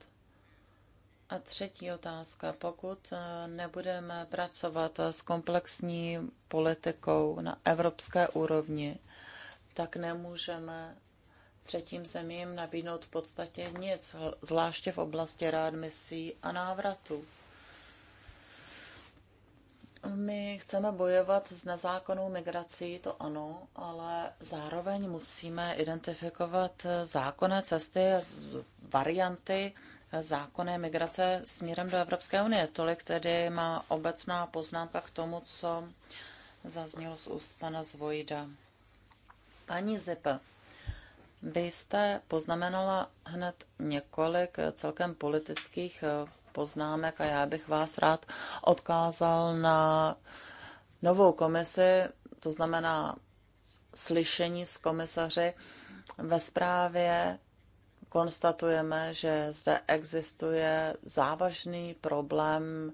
A třetí otázka. Pokud eh, nebudeme pracovat s komplexní politikou na evropské úrovni, tak nemůžeme třetím zemím nabídnout v podstatě nic, zvláště v oblasti readmisí a návratu. My chceme bojovat s nezákonnou migrací, to ano, ale zároveň musíme identifikovat zákonné cesty a varianty zákonné migrace směrem do Evropské unie. Tolik tedy má obecná poznámka k tomu, co zaznělo z úst pana Zvojda. Ani Zipa, vy jste poznamenala hned několik eh, celkem politických eh, poznámek a já bych vás rád odkázal na novou komisi, to znamená slyšení s komisaři. Ve zprávě konstatujeme, že zde existuje závažný problém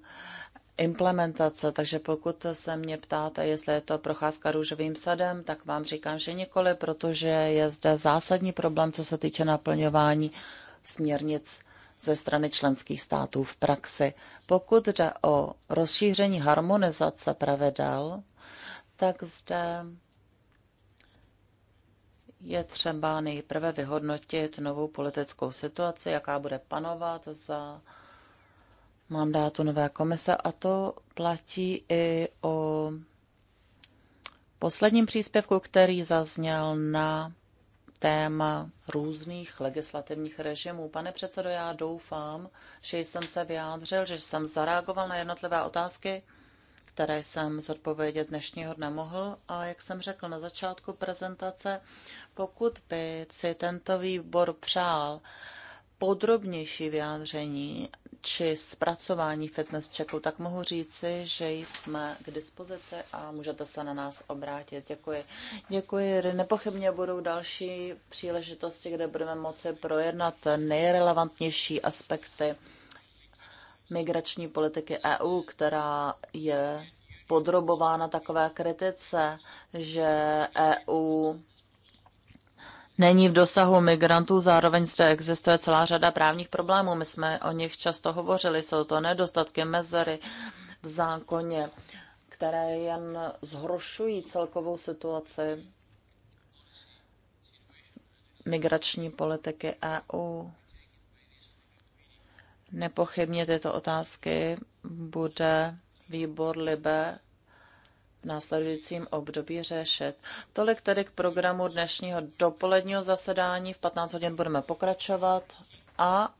implementace. Takže pokud se mě ptáte, jestli je to procházka růžovým sadem, tak vám říkám, že nikoli, protože je zde zásadní problém, co se týče naplňování směrnic ze strany členských států v praxi. Pokud jde o rozšíření harmonizace pravidel, tak zde je třeba nejprve vyhodnotit novou politickou situaci, jaká bude panovat za mandátu nové komise a to platí i o posledním příspěvku, který zazněl na téma různých legislativních režimů. Pane předsedo, já doufám, že jsem se vyjádřil, že jsem zareagoval na jednotlivé otázky, které jsem zodpovědět dnešního dne mohl. A jak jsem řekl na začátku prezentace, pokud by si tento výbor přál podrobnější vyjádření či zpracování fitness checku, tak mohu říci, že jsme k dispozici a můžete se na nás obrátit. Děkuji. Děkuji. Nepochybně budou další příležitosti, kde budeme moci projednat nejrelevantnější aspekty migrační politiky EU, která je podrobována takové kritice, že EU není v dosahu migrantů, zároveň zde existuje celá řada právních problémů. My jsme o nich často hovořili, jsou to nedostatky, mezery v zákoně, které jen zhoršují celkovou situaci migrační politiky EU. Nepochybně tyto otázky bude výbor Libe následujícím období řešit. Tolik tedy k programu dnešního dopoledního zasedání. V 15 hodin budeme pokračovat a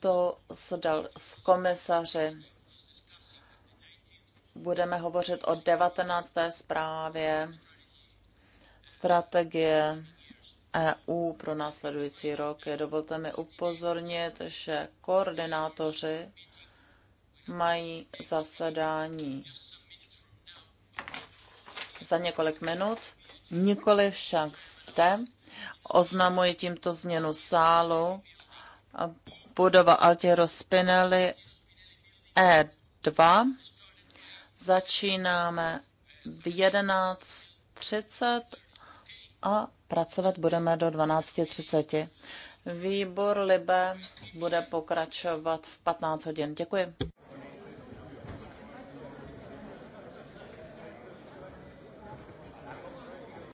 to s, dal, s komisaři. Budeme hovořit o 19. zprávě strategie EU pro následující rok. Dovolte mi upozornit, že koordinátoři mají zasedání za několik minut, nikoli však zde. Oznamuji tímto změnu sálu. Budova Altiero Spinelli E2. Začínáme v 11.30 a pracovat budeme do 12.30. Výbor Libe bude pokračovat v 15 hodin. Děkuji.